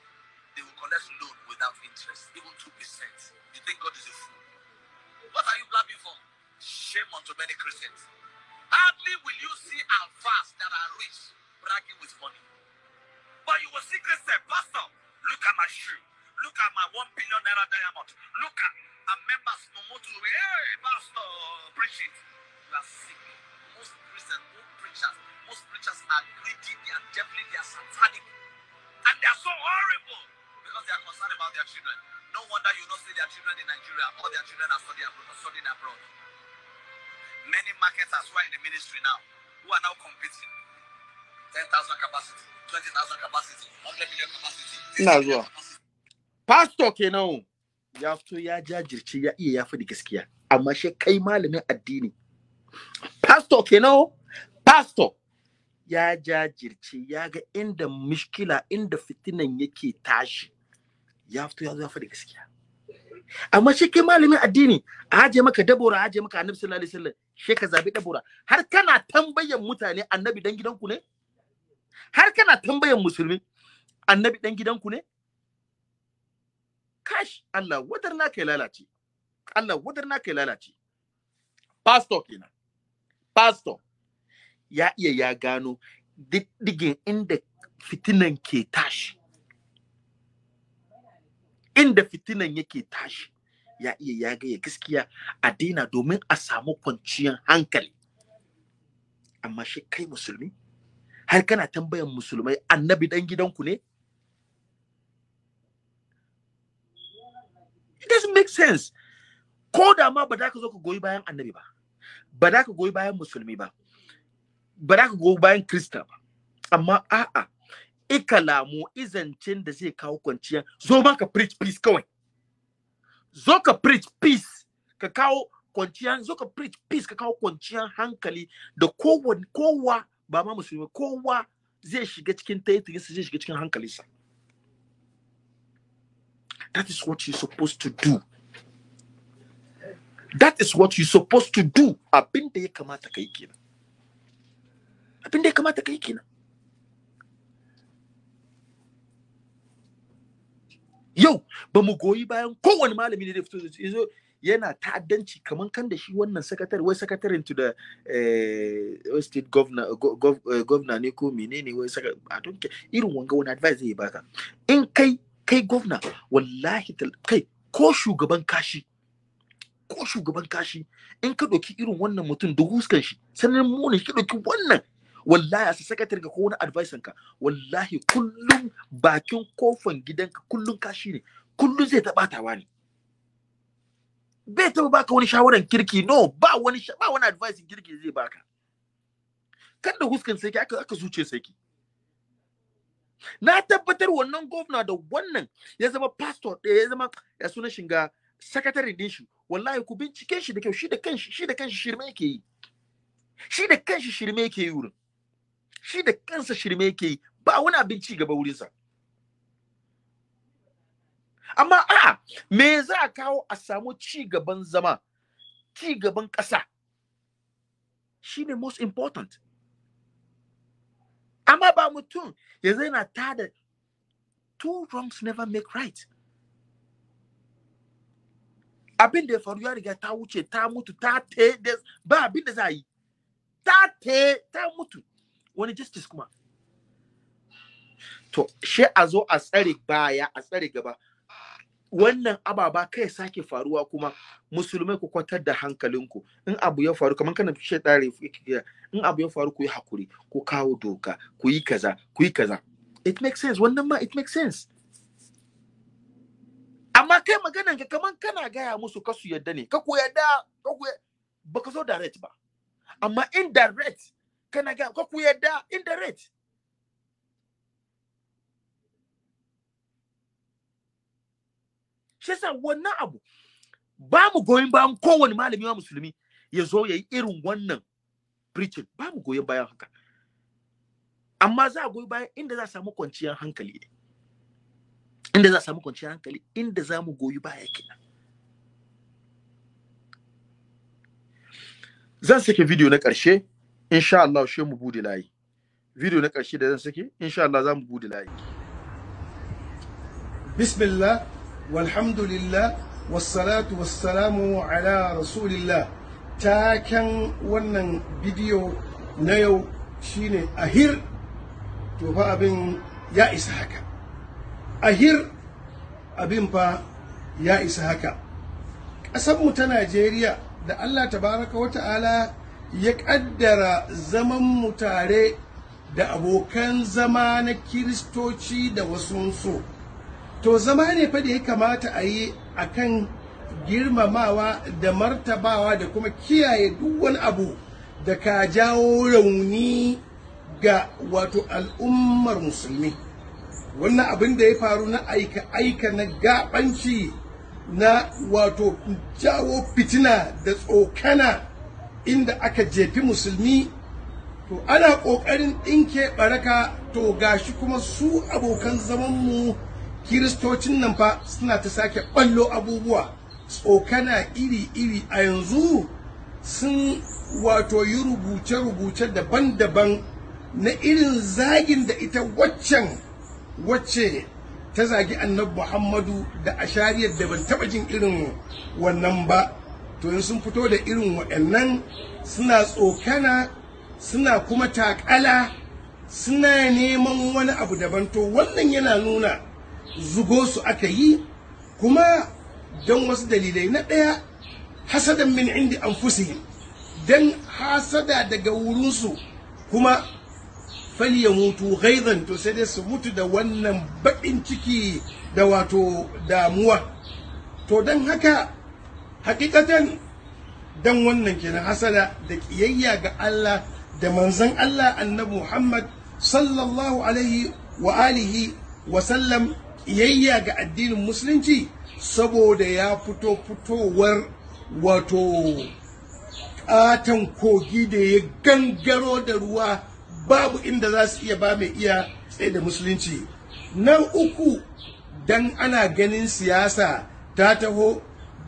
they will collect loan without interest, even 2%. You think God is a fool? What are you blabbing for? Shame unto many Christians. Hardly will you see fast that are rich bragging with money. But you will see say, Pastor, look at my shoe. Look at my one billion naira diamond. Look at and members no more to hey, Pastor, preach it. You are sick. Most Christians, most preachers, most preachers are greedy, they are definitely they are satanic. And they are so horrible because they are concerned about their children. No wonder you not see their children in Nigeria. All their children are studying abroad. Studying abroad. many marketers who are in the ministry now who are now competing. 10,000 capacity, 20,000 capacity, 100 million capacity. Ina zuwa. Pastor kenan ya fito ya jajirce ya iya ya faɗi gaskiya amma shi kai malamin addini. Pastor kenan pastor ya jajirce ya ga inda mishkila inda fitinan yake tashi ya fito ya zafa da gaskiya. amma shi kai malamin addini a haje maka dabora a haje maka annabi sallallahu alaihi wasallam she ka zabi dabura har kana tambayan mutane annabi dan gidanku ne har kana tambayan musulmi annabi dan gidanku ne kash Allah wadar na kai lalace Allah wadar na kai lalace pastor kenan pastor ya iya ya gano diddigin inda fitinan ke tashi inda fitinan yake tashi ya iya ya gaya gaskiya a daina domin a samu kwanciyar hankali amma shi kai musulmi har kana tambayan musulmai annabi dan gidanku ne it doesn't make sense ko da ma ba za ka zo ka goyi bayan annabi ba ba za ka goyi bayan musulmi ba ba za ka goyi bayan krista ba amma a'a ikalamu izancin da zai kawo kwanciya zo maka preach peace kawai zoka ka preach peace ka kawo ka preach peace ka kawo kwanciyar hankali da kowa kowa ba ma musulmi kowa zai shiga cikin taitayensa zai shiga cikin that is what you supposed to do that is what supposed to do abin da ya kamata kai kenan abin da ya kamata kai kenan yau ba mu goyi bayan kowane malami ne da fito da yazo yana ta'addanci kamar kan da shi wannan sakatar wai sakatarin to da eh, state governor gov, uh, eh, governor ne ko menene wai sakatar a don irin wanga wani advice zai baka in kai kai governor wallahi kai ko shugaban kashi ko shugaban kashi in ka ɗauki irin wannan mutum da huskan shi sanin mu ne ka ɗauki wannan wallahi as secretary ka ko wani ka wallahi kullum bakin kofan gidanka kullum kashi ne kullum zai taba tawa ne bai taba baka wani shawaran kirki no ba wani ba wani advice kirki zai baka kan da huskan sai aka aka zuce sai na tabbatar wannan gwamna da wannan ya zama pastor ɗaya ya zama ya sunan shiga sakatare din shi wallahi ku bincike shi da kyau shi da kanshi shi da kanshi shirme yake yi shi da kanshi shirme yake yi wurin shi da kansa shirme yake yi ba wani abin ci gaba wurinsa amma a, me za a kawo a samu ci gaban zama ci gaban ƙasa shi ne most important amma ba mutum yanzu yana tada two wrongs never make right abin da ya faru ya riga ta wuce ta mutu ta te ba abin da za a yi ta te ta mutu wani justice kuma to shi a zo a tsare baya a tsare gaba wannan ababa kai sake faruwa kuma musulmai ku kwatar da hankalinku in abu ya faru kamar kana shi tsare in abu ya faru ku yi hakuri ku kawo doka ku yi kaza ku yi kaza it makes sense wannan ma it makes sense amma kai maganan ka kamar kana gaya musu kasu yadda ne ka ku yadda ka ku baka zo direct ba amma indirect get cock we are yadda in the red? She said, wannan abu ba mu bam call when malami ma musulmi ya zo ya yi irin wannan preaching ba mu goyon bayan haka amma za a goyi go inda za a samu kwanciyar hankali In inda za a samu kwanciyar hankali inda za mu goyi a kenan zan sake video na ƙarshe insha Allah shi mu bude layi video na ƙarshe da zan saki, insha Allah za mu bude layi bismillah walhamdulillah wassalatu wassalamu ala rasulillah taken wannan bidiyo na yau shine ahir to fa abin ya isa haka ahir abin fa ya isa haka mu ta Najeriya da Allah tabaraka wa ta'ala ya ƙaddara zaman tare da abokan zama na kiristoci da so, to zama ne fa da ya kamata a yi a kan girmamawa da martabawa da kuma kiyaye duk wani abu da ka jawo rauni ga wato al'ummar musulmi wannan abin da ya faru na aika-aika na gabanci na wato jawo fitina da tsokana inda aka jefi musulmi to ana ƙoƙarin ɗinke ɓaraka to gashi kuma su abokan zaman mu kiristocin nan fa suna ta sake ɓallo abubuwa tsokana iri-iri a yanzu sun wato yi rubuce-rubuce daban-daban na irin zagin da ita waccan wacce ta zagi annabi muhammadu da ashariyar da ban taɓa jin irin wannan ba to in sun fito da irin waɗannan suna tsokana suna kuma takala suna neman wani abu daban to wannan yana nuna zugo su aka yi kuma don wasu dalilai na ɗaya hasadan min indi anfusihim don hasada daga wurinsu kuma ya mutu gaizan to sai dai su mutu da wannan baɗin ciki da wato damuwa to don haka hakikatan dan wannan kenan hasada da kiyayya ga Allah da manzon Allah annabi Muhammad sallallahu alaihi wa alihi wa sallam kiyayya ga addinin musulunci saboda ya fito fitowar wato katon kogi da ya gangaro da ruwa babu inda za su iya ba mai iya tsaye da musulunci na uku dan ana ganin siyasa ta taho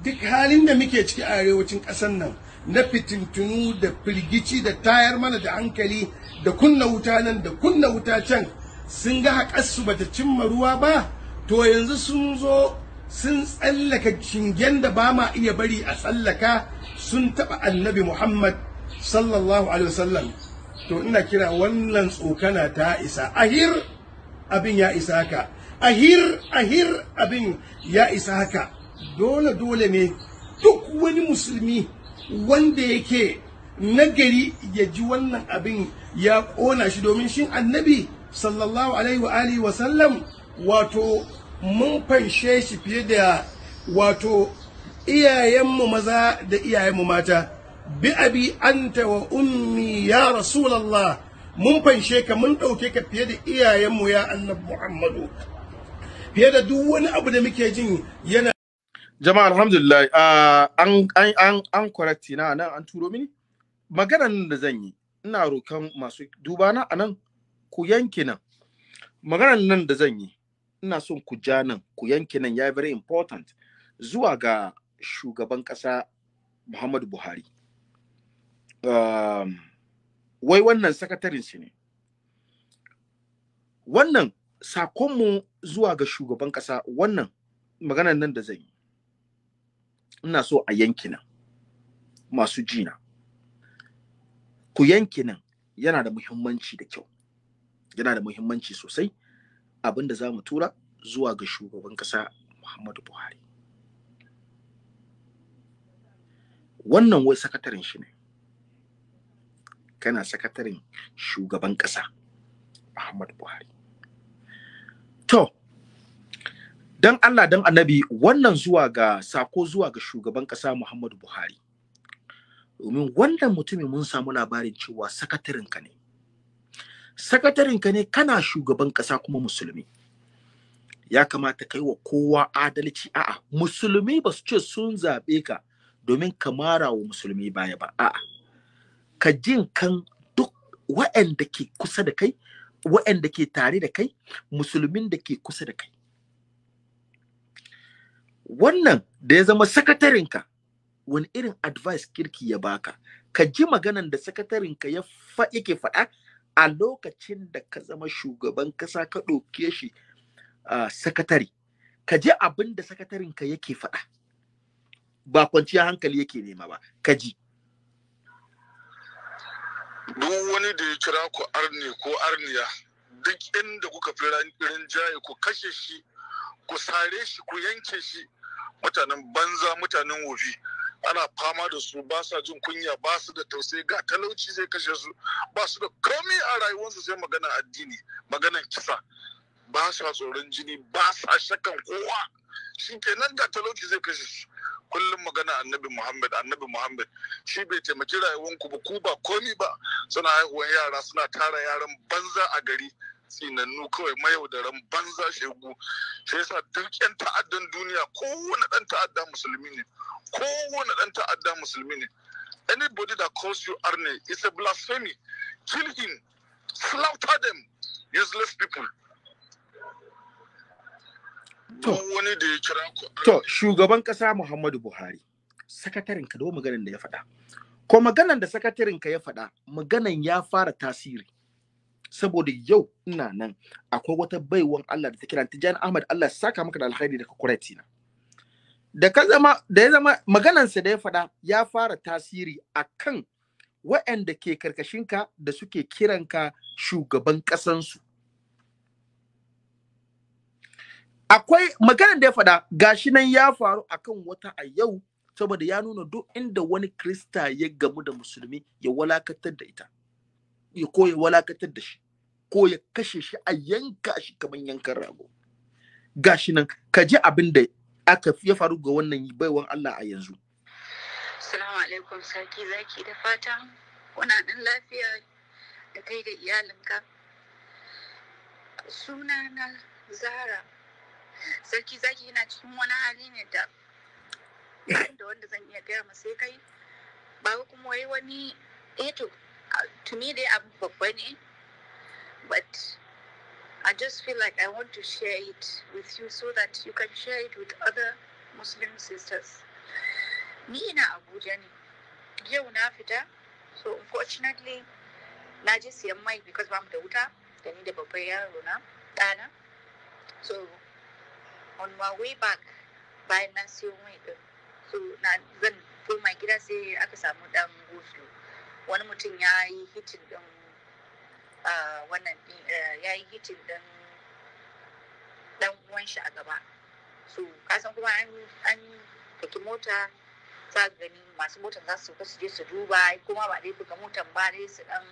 duk halin da muke ciki a arewacin ƙasar nan na fitintunu da firgici da tayar mana da hankali da kunna wuta nan da kunna wuta can sun ga haƙarsu bata cimma ruwa ba to yanzu sun zo sun tsallaka shingen da ba ma iya bari a tsallaka sun taɓa annabi muhammad sallallahu alaihi wasallam to ina kira wannan tsokana ta isa ahir abin ya isa haka ahir ahir abin ya isa haka dole dole ne duk wani musulmi wanda yake nagari ya ji wannan abin ya kona shi domin shin annabi sallallahu alaihi wa wa sallam wato mun fanshe shi fiye da wato iyayenmu maza da iyayenmu mata bi abi anta wa ummi ya rasulallah mun fanshe ka mun ɗauke ka fiye da iyayenmu ya annabi muhammadu fiye da duk wani abu da muke jin yana jama'a alhamdulillah uh, an an an an na nan an turo mini maganan da zan yi ina rokan masu duba na anan ku yanke nan maganan nan da zan yi ina son ku ja nan ku yanke nan ya very important zuwa ga shugaban kasa Muhammadu Buhari um, wai wannan sakatarin shi ne wannan sakonmu zuwa ga shugaban ƙasa wannan maganan nan da zan yi ina so a yanki nan masu na ku yanki nan yana da muhimmanci da kyau yana da muhimmanci sosai abin da za mu tura zuwa ga shugaban ƙasa muhammadu buhari wannan wai sakataren shi ne kana sakatarin shugaban ƙasa muhammadu buhari to Dan Allah dan annabi wannan zuwa ga sako zuwa ga shugaban kasa Muhammadu Buhari domin wannan mutumin mun samu labarin cewa sakatarinka ne sakatarinka ne kana shugaban kasa kuma musulmi ya kamata kai wa kowa adalci a'a musulmi ba su ce sun zaɓe ka domin ka mara wa musulmi baya ba a'a ka jin kan duk wa'anda ke kusa da kai wa'anda ke tare da kai musulmin da ke kusa da kai wannan da ya zama sakatarinka wani irin advice kirki ya baka ka ji maganan da sakatarinka ya fa yake faɗa a lokacin da ka zama shugaban kasa ka ɗauke shi a sakatari. ka ji abin da sakatarinka yake faɗa ba kwanciyar hankali yake nema ba ka ji duk wani da ya kira ku arne ko arniya duk inda kuka fi jaye ku kashe shi ku sare shi ku yanke shi mutanen banza mutanen wofi ana fama da su ba sa jin kunya ba su da tausayi ga talauci zai kashe su ba su da komi a rayuwarsu sai magana addini maganan kisa ba sa tsoron jini ba sa shakan kowa shi kenan ga talauci zai kashe su kullum magana annabi muhammad annabi muhammad shi bai taimaki rayuwarku ba ku ba komi ba suna haihuwar yara suna tara yaran banza a gari tsinannu kawai mayaudaran banza shegu sai yasa duk yan ta'addan duniya kowane dan ta'adda musulmi ne kowane dan ta'adda musulmi ne anybody that calls you arne is a blasphemy kill him slaughter them useless people wani da ya kira ku to shugaban kasa muhammadu buhari sakatarinka da maganar da ya faɗa ko maganar da sakatarinka ya faɗa maganan ya fara tasiri saboda yau ina nan akwai wata baiwan Allah da ta kira Tijani Ahmad Allah saka maka da alkhairi daga kureti na da ka zama da ya zama maganansa da ya faɗa ya fara tasiri akan wa'anda ke karkashinka da suke kiranka shugaban ƙasansu akwai maganar da ya faɗa gashi nan ya faru akan wata a yau saboda ya nuna duk inda wani krista ya gamu da musulmi ya walakatar da ita ko ya walakatar da shi ko ya kashe shi a yanka shi kamar yankan rago gashi nan ka ji abin da aka ya faru ga wannan baiwan Allah a yanzu Assalamu alaikum saki zaki da Fata. kuna nan lafiya da kai da iyalinka suna na Zara sarki zaki yana cikin wani hali ne da da wanda zan iya gaya sai kai ba kuma wai wani eto eh to me they are babba ne but I just feel like I want to share it with you so that you can share it with other Muslim sisters. Me, na Abuja ne. Yau na fita. So unfortunately na just see my because bamu da wuta da ni da babban yaro na So on my way back by na siyo my, So na zan koma gida sai aka samu ɗan go wani mutum ya yi hitin din wannan eh, ya yi hitin din dan uwan shi a gaba so kasan kuma an faki mota za gani masu motar za su su je su duba kuma ba dai buga motar ba dai su dan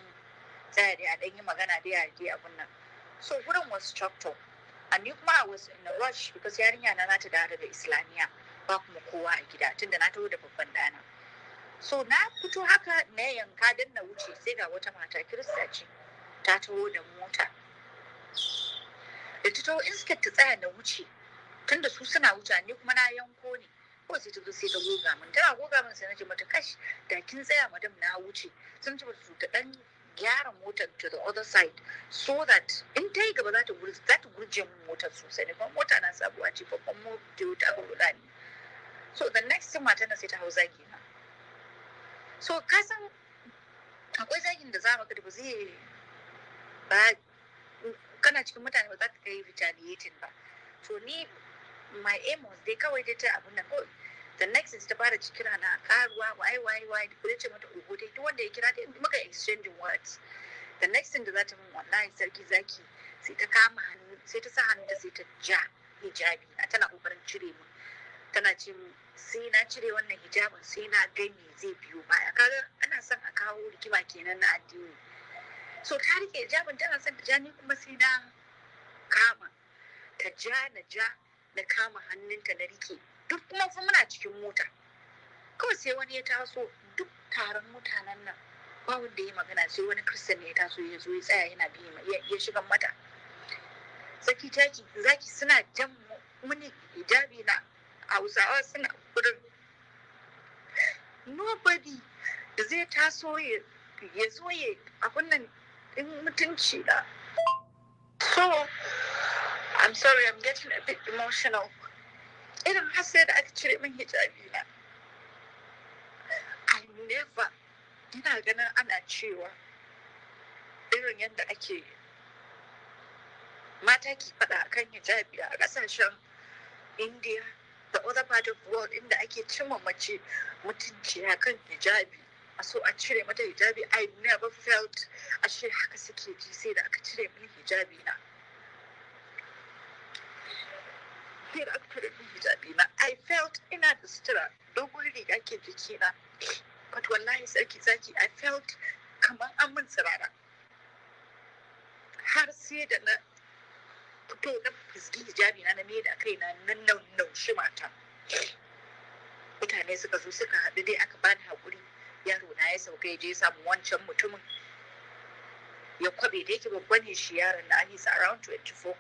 tsaya dai a dan yi magana dai a je abun nan so wurin was chokto and ni kuma a was in a rush because yarinya na nata da da islamiya ba kuma kowa a gida tunda na taho da babban dana so na fito haka na yanka don na wuce sai ga wata mata kirista ce ta taho da mota da ta taho iskar ta tsaya na wuce tunda su suna wuce ni kuma na yanko ne ko sai ta zo sai ta goga min tana goga min sai na ce mata kash da kin tsaya madam na wuce sun ce su ta dan gyara motar to the other side so that in ta yi gaba za ta gurje za ta gurje min motar sosai ne kuma mota na sabuwa ce babban mota ta gurula ne so the next thing mata na sai ta hau zagi na so ka san akwai zagin da za ka da ba zai ba kana cikin mutane ba za ka kai retaliating ba to ni my aim was dai kawai dai ta abin nan the next is ta fara kira na karuwa why why why da kuma ce mata ugu dai duk wanda ya kira dai muka exchange words the next thing da za ta min wallahi sarki zaki sai ta kama hannu sai ta sa hannu ta sai ta ja hijabi na tana kokarin cire mu tana ce mu sai na cire wannan hijabin sai na ga zai biyo baya kaga ana son a kawo rikima kenan na addini so ta rike hijabin tana son ta ja ni kuma sai na kama ta ja na ja na kama hannunta na rike duk kuma fa muna cikin mota kawai sai wani ya taso duk taron mutanen nan ba wanda ya magana sai wani kristan ya taso ya zo ya tsaya yana biye ya shiga mata tsaki taki zaki suna jan muni hijabi na hausawa suna gurin nobody zai taso ya zo ya abin nan din mutunci da so i'm sorry i'm getting a bit emotional irin har sai da aka cire min hijabi na i never ina ganin ana cewa irin yadda ake mata ke faɗa akan hijabi a ƙasashen india the other part of world inda ake cimma mace mutunci a kan hijabi a so a cire mata hijabi i never felt ashe haka suke ji sai da aka cire min hijabi na sai da aka cire min hijabi na i felt ina da sutura dogon riga ke jiki na but wallahi sarki zaki i felt kamar an min tsirara har sai da na fito na fizgi hijabi na me da kai na nan naushi mata mutane suka zo suka haɗu dai aka bani haƙuri yaro na ya sauka ya je ya samu wancan mutumin ya kwabe da yake babban ne shi yaron na he's around 24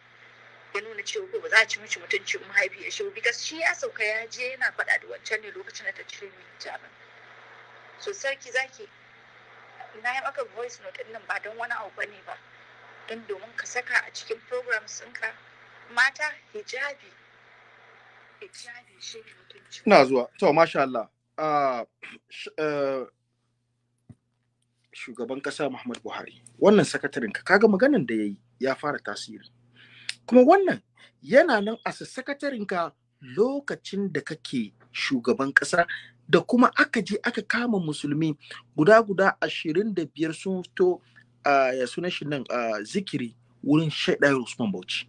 ya nuna cewa ko ba za a ci mishi mutunci mahaifi ya shigo bikas shi ya sauka ya je yana faɗa da wancan ne lokacin da ta cire min hijabin so sarki zaki na yi maka voice note ɗin nan ba don wani abu bane ba don domin ka saka a cikin programs ɗinka mata hijabi hijabi shi ina zuwa to masha Allah ah, eh, shugaban ƙasa Muhammad Buhari wannan sakatarin ka kaga maganan da yayi ya fara tasiri kuma wannan yana nan a sakatarin ka lokacin da kake shugaban ƙasa da kuma aka je aka kama musulmi guda guda ashirin da biyar sun fito ya sunan shi nan zikiri wurin shaidan Usman Bauchi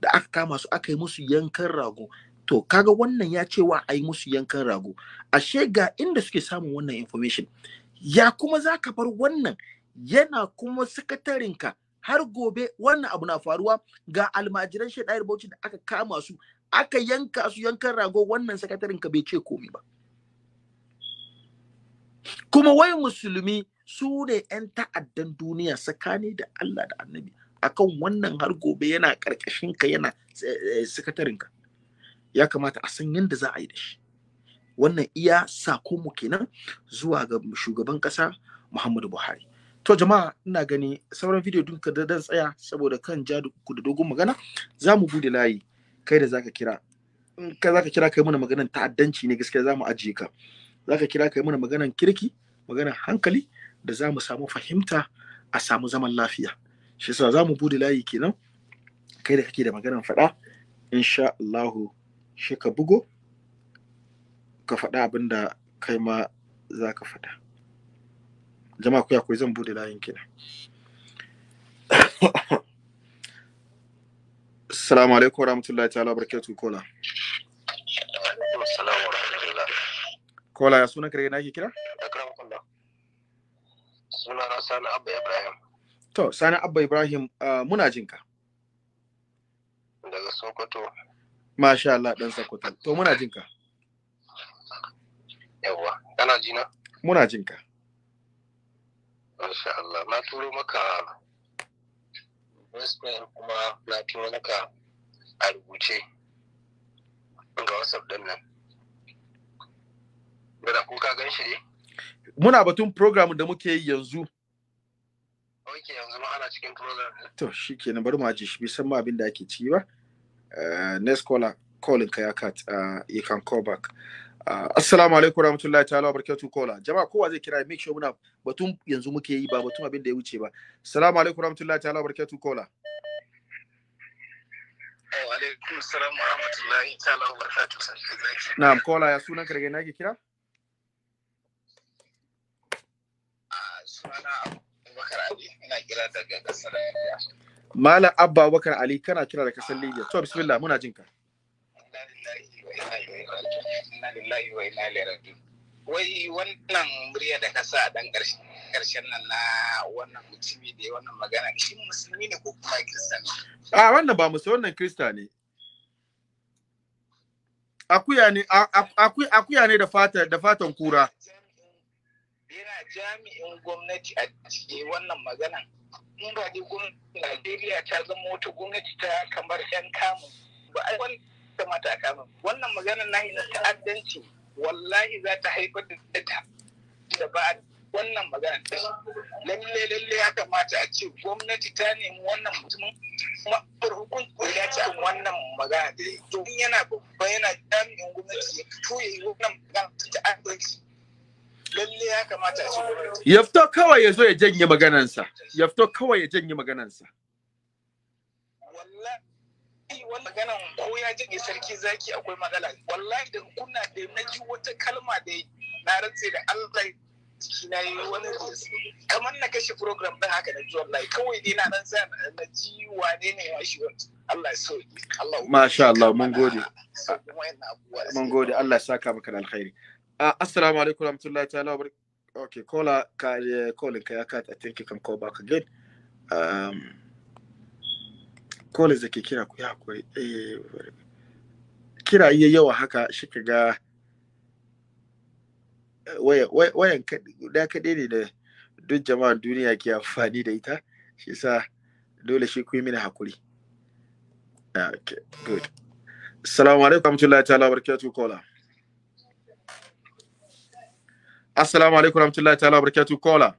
da aka kama su aka yi musu yankan rago to kaga wannan ya ce wa a yi musu yankan rago ashe ga inda suke samun wannan information ya kuma za ka bar wannan yana kuma sakatarinka har gobe wannan abu na faruwa ga almajiran shaidayar bauchi da aka kama su aka yanka su yankan rago wannan sakatarinka bai ce komi ba kuma wai musulmi su ne 'yan ta'addan duniya tsakani da Allah da annabi akan wannan har gobe yana karkashin ka yana eh, eh, sakatarinka ya kamata a san yadda za a yi da shi wannan iya mu kenan zuwa ga shugaban ƙasa muhammadu buhari to jama'a ina gani sauran bidiyo din ka dan tsaya saboda kan ja ku da dogon magana za mu bude layi kai da zaka kira in ka zaka kira kai mana maganan ta'addanci ne gaskiya za mu ajiye ka zaka kira kai mana maganan kirki maganan hankali da za mu samu fahimta a samu zaman lafiya shi sa za mu bude layi kenan kai da kake da maganar faɗa insha Allahu shi ka bugo ka faɗa abin da kai ma za ka faɗa jama'a kuya kuwa zan bude layin kenan Assalamu alaikum wa rahmatullahi ta'ala wa barakatuhu kola. Kola ya suna kare na ke kira? sunana Sani Abba Ibrahim. To, Sani Abba Ibrahim uh, muna jin ka. Daga Sokoto. Masha Allah dan Sokoto. To, muna jin ka. Yawwa, kana jina? Muna jin ka. Masha Allah, na turo maka voicemail kuma na turo maka a rubuce ga WhatsApp ɗin nan. Bada ko ka gan shi ne? muna batun program da muke yi yanzu Ok, yanzu ma ana cikin program. To, shi kenan bari mu ajiye shi, bai san ma abin da ake ciki ba. Eh, next caller, calling ka ya cut, ah, you can call back. Ah, assalamu alaikum warahmatullahi ta'ala barakatuh kola jama'a kowa zai kira make sure muna batun yanzu muke yi ba batun abin da ya wuce ba assalamu alaikum warahmatullahi ta'ala barakatuh kola oh, alaikum assalam warahmatullahi ta'ala barakatuh na'am kola ya sunan ka daga ina ke kira sunana Abubakar Ali ina kira daga kasar Libya. Malam Abba Bakar Ali kana kira da kasar Libya. To bismillah muna jin ka. Wai wannan murya da kasa dan karshen nan na wannan mutumi da wannan magana shi musulmi ne ko kuma kirista ne? A wannan ba musulmi wannan kirista ne. Akuya ne da fatan kura. yana jami'in gwamnati a cikin wannan magana. in ba dai gwamnati Najeriya ta zama wata gwamnati ta kamar 'yan kamun ba ai wani kamata a kamun wannan magana na na ta'addanci wallahi za ta haifar da ta da ba wannan magana ta lalle lalle ya kamata a ce gwamnati ta nemi wannan mutumin kuma hukunci ya ce wannan magana da to yana babba yana jami'in gwamnati ya tuye wannan magana ta ta'addanci lalle ya kamata a ya fito kawai ya zo ya janye maganansa ya fito kawai ya janye ko ya janye sarki zaki akwai wallahi da kuna da naji wata kalma da na rantse da Allah na yi wani kamar na kashe program ɗin haka na ji wallahi kawai dai Allah ya so masha Allah mun gode Allah saka maka da alkhairi Uh, assalamu alaikum warahmatullahi ta'ala wa Okay, kola ka, je eh, calling ka ya cut. I think you can call back again. Um, callers da kira ku ya hakuri. Eh, kira iya yawa haka shi ka ga eh, wayan da kaɗai ne da duk jama'a duniya ke amfani da ita. Shi sa dole shi ku yi mini hakuri. Ah, okay, good. Assalamu alaikum warahmatullahi ta'ala wa barakatuh kola Assalamu alaikum rahmatullahi ta'ala barakatuh kola.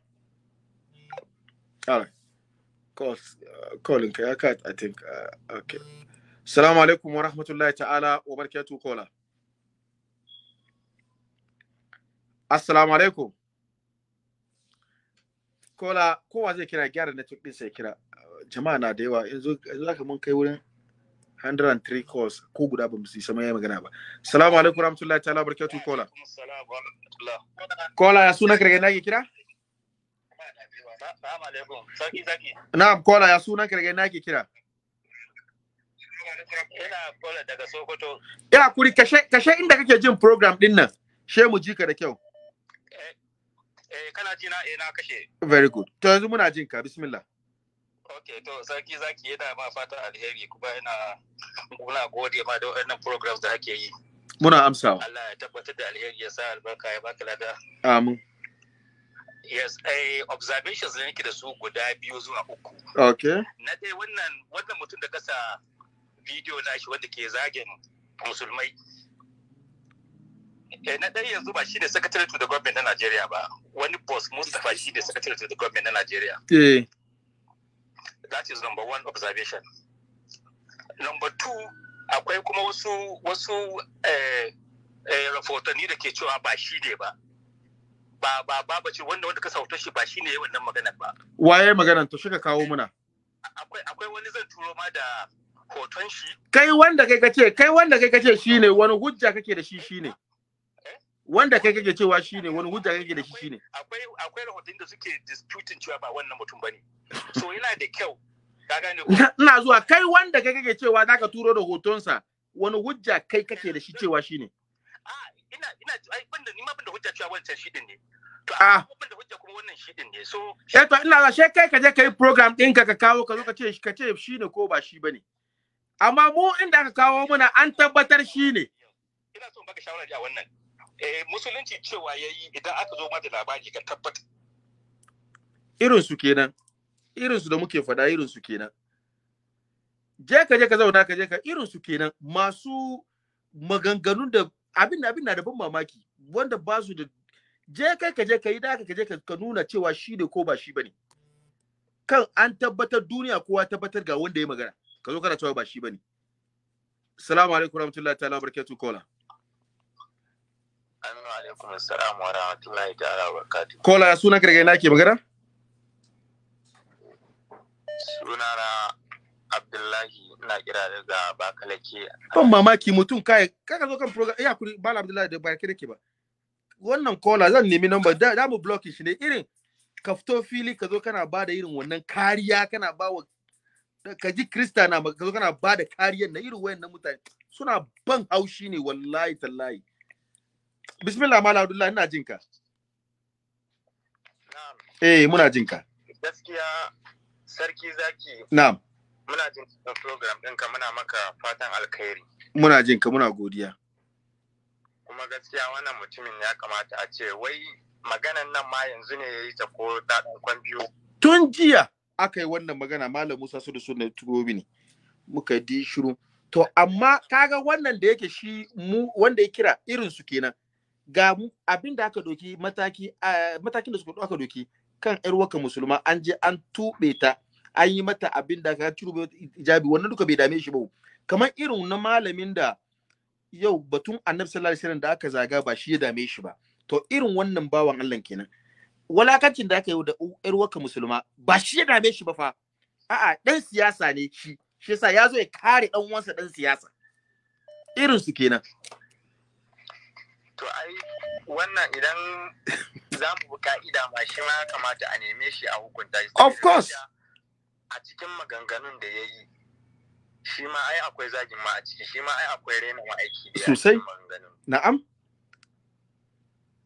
All Call uh, calling ka ya I think uh, okay. Assalamu alaikum rahmatullahi ta'ala wa barakatuh kola Assalamu alaikum. Kola kowa zai kira gyara network din sai kira. Jama'a na da yawa yanzu zaka mun kai wurin 103 calls ko guda ba musu yi sama yayi magana ba assalamu alaikum warahmatullahi ta'ala barakatuh kola kola ya suna kirge nake kira na'am kola ya suna kirge nake kira ina kola daga sokoto ina kuri kashe kashe inda kake jin program din nan she mu ji ka da kyau eh, eh kana ji na eh na kashe very good to yanzu muna jin ka bismillah Ok, to sarki zaki yana ma fata alheri kuma yana muna gode ma da wannan programs da ake yi. Muna amsawa. Allah ya tabbatar da alheri ya sa albarka ya baka lada. Amin. Yes, a eh, observations ne nake da su guda biyu zuwa uku. Ok. Na dai wannan wannan mutum da kasa bidiyo na shi wanda ke zagin musulmai. Eh, na ɗaya yanzu ba shi ne secretary to the government na Najeriya ba wani boss Mustapha shi ne secretary to the government na Najeriya. Eh. that is number one observation number two akwai kuma wasu wasu eh, eh, rahotanni da ke cewa ba shi ne ba ba ba ba ba ce wanda wanda ka sautar shi ba shi ne wannan maganar ba waye magana to shi ka kawo muna akwai akwai wani zan turo ma da hoton shi kai wanda kai kace kai wanda kai kace shine wani hujja kake da shi shine wanda kai kake cewa shine wani hujja kake da shi shine akwai akwai rahotanni da suke disputing cewa ba wannan mutum ba ne. so yana da kyau ina zuwa kai wanda kai kake cewa zaka turo da hotonsa wani hujja kai kake da shi eh, cewa shine a ina ina ai banda ni ma banda hujja cewa wancan shi din ne to ah. a banda hujja kuma wannan shi din ne so eh to ina zuwa sai kai ka je kai program ɗinka ka kawo ka zo ka ce ka ce shine ko ba shi bane amma mu inda aka kawo muna an tabbatar shine ina so son baka shawara a wannan Eh, musulunci cewa ya yi idan aka zo ma da labari ka tabbata. Irinsu kenan, irinsu da muke faɗa irinsu kenan. Je ka je ka zauna ka je ka irinsu kenan masu maganganun da abin da abin na da ban mamaki wanda ba su da je kai ka je ka yi daka ka je ka nuna cewa shi ne ko ba shi bane kan an tabbatar duniya kowa tabbatar ga wanda ya magana ka zo kana cewa ba shi bane assalamu alaikum warahmatullahi ta'ala barakatuh kola Aminu alaikum assalam wa rahmatullahi ta'ala wa barakatuh. Kola ya suna kirgai nake magana? Suna na Abdullahi ina kira daga Bakalake. Ban mamaki mutum kai kaka zo kan program ya eh, kuri Bala Abdullahi da Bakalake ke ba. Wannan kola zan nemi nan da da mu block shi ne irin ka fito fili ka zo kana ba da irin wannan kariya kana ba wa ka ji krista na ka zo kana ba da na irin wayannan mutane suna ban haushi ne wallahi tallahi. bismillah mala abdullahi ina jin ka eh muna jin ka gaskiya sarki zaki na'am muna jin program ɗinka muna maka fatan alkhairi muna jin ka muna godiya kuma gaskiya wannan mutumin ya kamata a ce wai maganan nan ma yanzu ne ya yi ta ko daɗin kwan biyu tun jiya aka yi wannan magana malam musa su da turobi ne muka di shiru to amma kaga wannan da yake shi mu wanda ya kira irin su kenan ga abin da aka doki mataki matakin da suka aka doki kan yar waka musulma an je an tube ta an yi mata abin da ka tube ijabi wannan duka bai dame shi ba kamar irin na malamin da yau batun annabi sallallahu alaihi wasallam da aka zaga ba shi ya dame shi ba to irin wannan bawan Allah kenan walakancin da aka yi da yar waka musulma ba shi ya dame shi ba fa a'a dan siyasa ne shi shi yasa ya zo ya kare dan uwansa dan siyasa irin su kenan to ai wannan idan za mu bi ka'ida ma shi ma kamata a neme shi a hukunta shi of course a cikin maganganun da ya yi shi ma ai akwai zagin ma a ciki shi ma ai akwai rena ma aiki da sosai na'am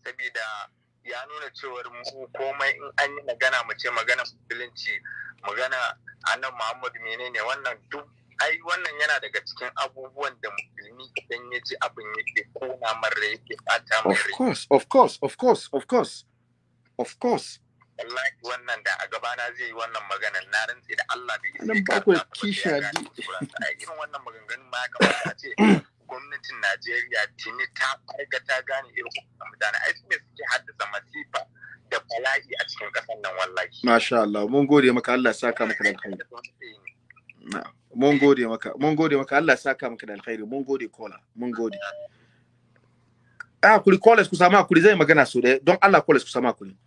sabida ya nuna cewar mu komai in an yi magana mu ce magana musulunci magana annan muhammadu menene wannan duk ai wannan yana daga cikin abubuwan da musulmi idan ya ji abin yake kona mara yake fata mara of course of course of course of course of course wallahi wannan da a gabana zai yi wannan maganar na rantse da Allah bai yi nan bakwai kisha di irin wannan maganganun ma kamata a ce gwamnatin Najeriya tuni ta ga ta gane irin mutane ai su suke haddasa masifa da bala'i a cikin ƙasar nan wallahi masha Allah mun gode maka Allah saka maka da kai na'am mun gode maka mun gode maka Allah ya saka maka da alkhairi mun gode kola mun gode a kuri kola ku sama kuri zai magana so da don Allah kola ku sama kuri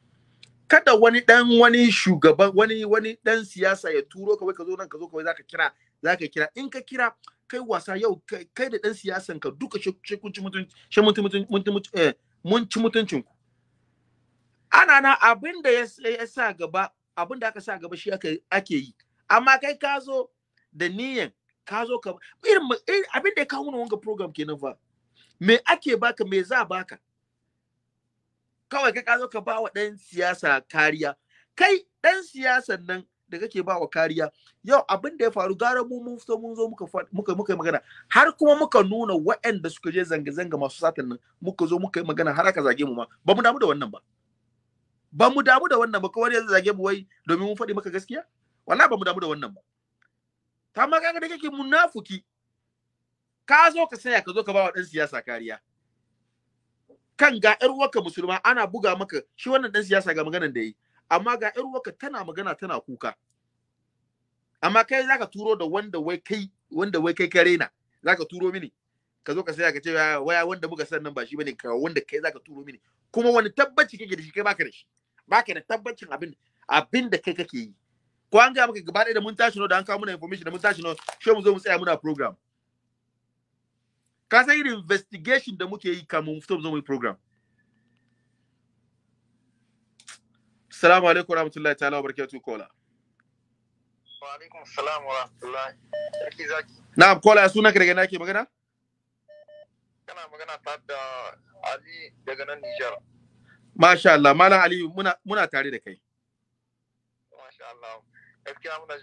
kada wani dan wani shugaban wani wani dan siyasa ya turo ka wai ka zo nan ka zo ka wai zaka kira zaka kira in ka kira kai wasa yau kai da dan siyasan ka duka shi kun ci mutunci shi mutunci mutunci eh mun ci mutuncin ku ana na abinda ya sa gaba abinda aka sa gaba shi ake yi amma kai ka zo da niyan ka zo ka irin eh, abin da ya kawo wanga program kenan fa me ake baka me za baka kawai ka zo ka ba wa ɗan siyasa kariya kai ɗan siyasan nan da kake ba wa kariya yau abin da ya faru gara mu mun fito mun zo muka muka muka magana har kuma muka nuna waɗanda suka je zanga-zanga masu satan nan muka zo muka yi magana har aka zage mu ma ba mu damu da wannan ba ba mu damu da wannan ba kawai ya zage mu wai domin mun faɗi maka gaskiya wallahi ba mu damu da wannan ba kamar ma kaga da kake munafuki ka zo ka saya ka zo ka ba wa dan siyasa kariya kan ga ƴar uwarka musulma ana buga maka shi wannan dan siyasa ga maganar da yi amma ga ƴar uwarka tana magana tana kuka amma kai zaka turo da wanda wai kai wanda wai kai kare na zaka turo mini ka zo ka saya ka ce waya wanda muka san nan ba shi bane ka wanda kai zaka turo mini kuma wani tabbaci kake da shi kai baka da shi baka da tabbacin abin abin da kai kake yi ko an gaya maka gaba ɗaya da mun tashi no da an kawo muna information da mun tashi no shi mu zo mu tsaya muna program ka san irin investigation da muke yi kamun fito mu zo mu yi program Assalamu alaikum warahmatullahi ta'ala wa barakatuh kola Wa alaikum salam wa rahmatullahi Na'am kola suna ka daga nake magana Kana magana ta da Ali daga nan Nijar Masha Allah Malam Ali muna muna tare da kai Masha Allah gaskiya muna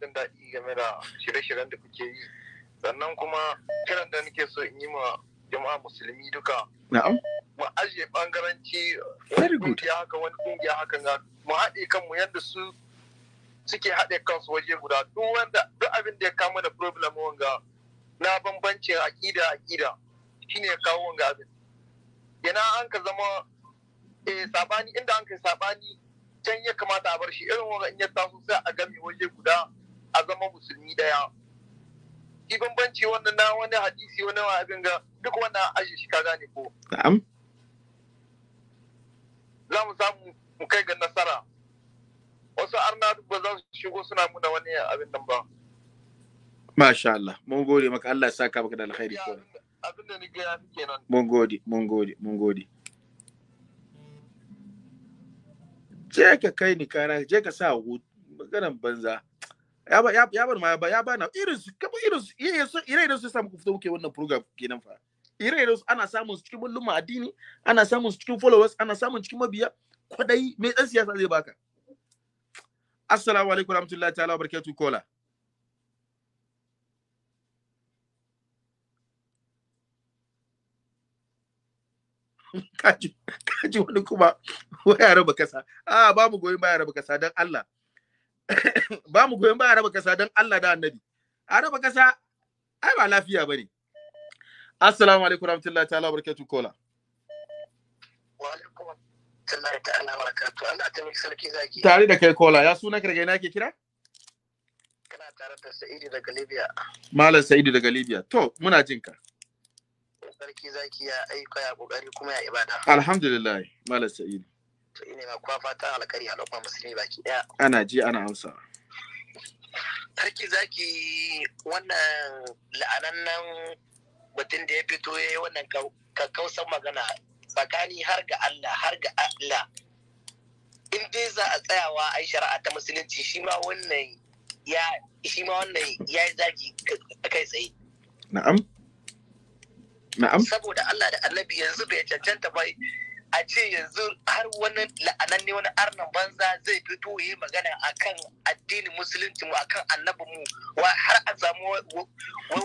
jin daɗi game da shirye-shiryen da kuke yi sannan kuma kiran da nake so in yi ma jama'a musulmi duka na'am mu ajiye bangaranci wani kungiya haka wani kungiya haka ga mu haɗe kanmu yadda su suke haɗe kansu waje guda duk wanda duk abin da ya kama da problem wanga na bambancin aƙida aƙida shine ya kawo wanga abin yana an ka zama eh sabani inda an ka sabani can ya kamata a bar shi irin wani ya taso sai a gami waje guda a zama musulmi daya ki bambanci wannan na wani hadisi wani abin ga duk wannan ashe shi ka gane ko na'am za mu samu mu kai ga nasara wasu arna ba za su shigo suna muna wani abin nan ba masha Allah mun gode maka Allah ya saka maka da alkhairi ko abin da ni ga kenan mun gode mun gode mun gode je ka kai ni kara je ka sa maganan banza ya ba ya ba ma ya ba na irin su kamar irin su irin su irin su sa muku fito muke wannan program kenan fa irin irin su ana samun su cikin mulmin addini ana samun su cikin followers ana samun cikin mabiya kwadai me dan siyasa zai baka assalamu alaikum warahmatullahi ta'ala wabarakatuh kola kaji wani kuma waya raba kasa a ba mu goyon baya raba kasa don Allah ba mu goyon baya raba kasa don Allah da annabi a raba kasa ai ba lafiya bane assalamu alaikum warahmatullahi ta'ala barkatu kola wa alaikum warahmatullahi ta'ala barakatuh Allah ta miki sarki zaki tare da kai kola ya sunan ka daga ina ke kira kana tare da Sa'idu daga Libya malam Sa'idu daga Libya to muna jinka ka sarki zaki ya aika ya kokari kuma ya ibada alhamdulillah malam sa'id to ina ma kwa fata alkari a lokacin musulmi baki daya ana ji ana amsa sarki zaki wannan la'anannan batun da ya fito ya yi wannan kakkausan magana tsakani har ga Allah har ga Allah in dai za a tsayawa a yi shari'a ta musulunci shi ma wannan ya shi ma wannan ya yi zagi kai tsaye na'am saboda Allah da annabi yanzu bai cancanta ba a ce yanzu har wani la'anan wani arnan banza zai fito yi magana akan addinin musulunci mu akan annabi mu har a samu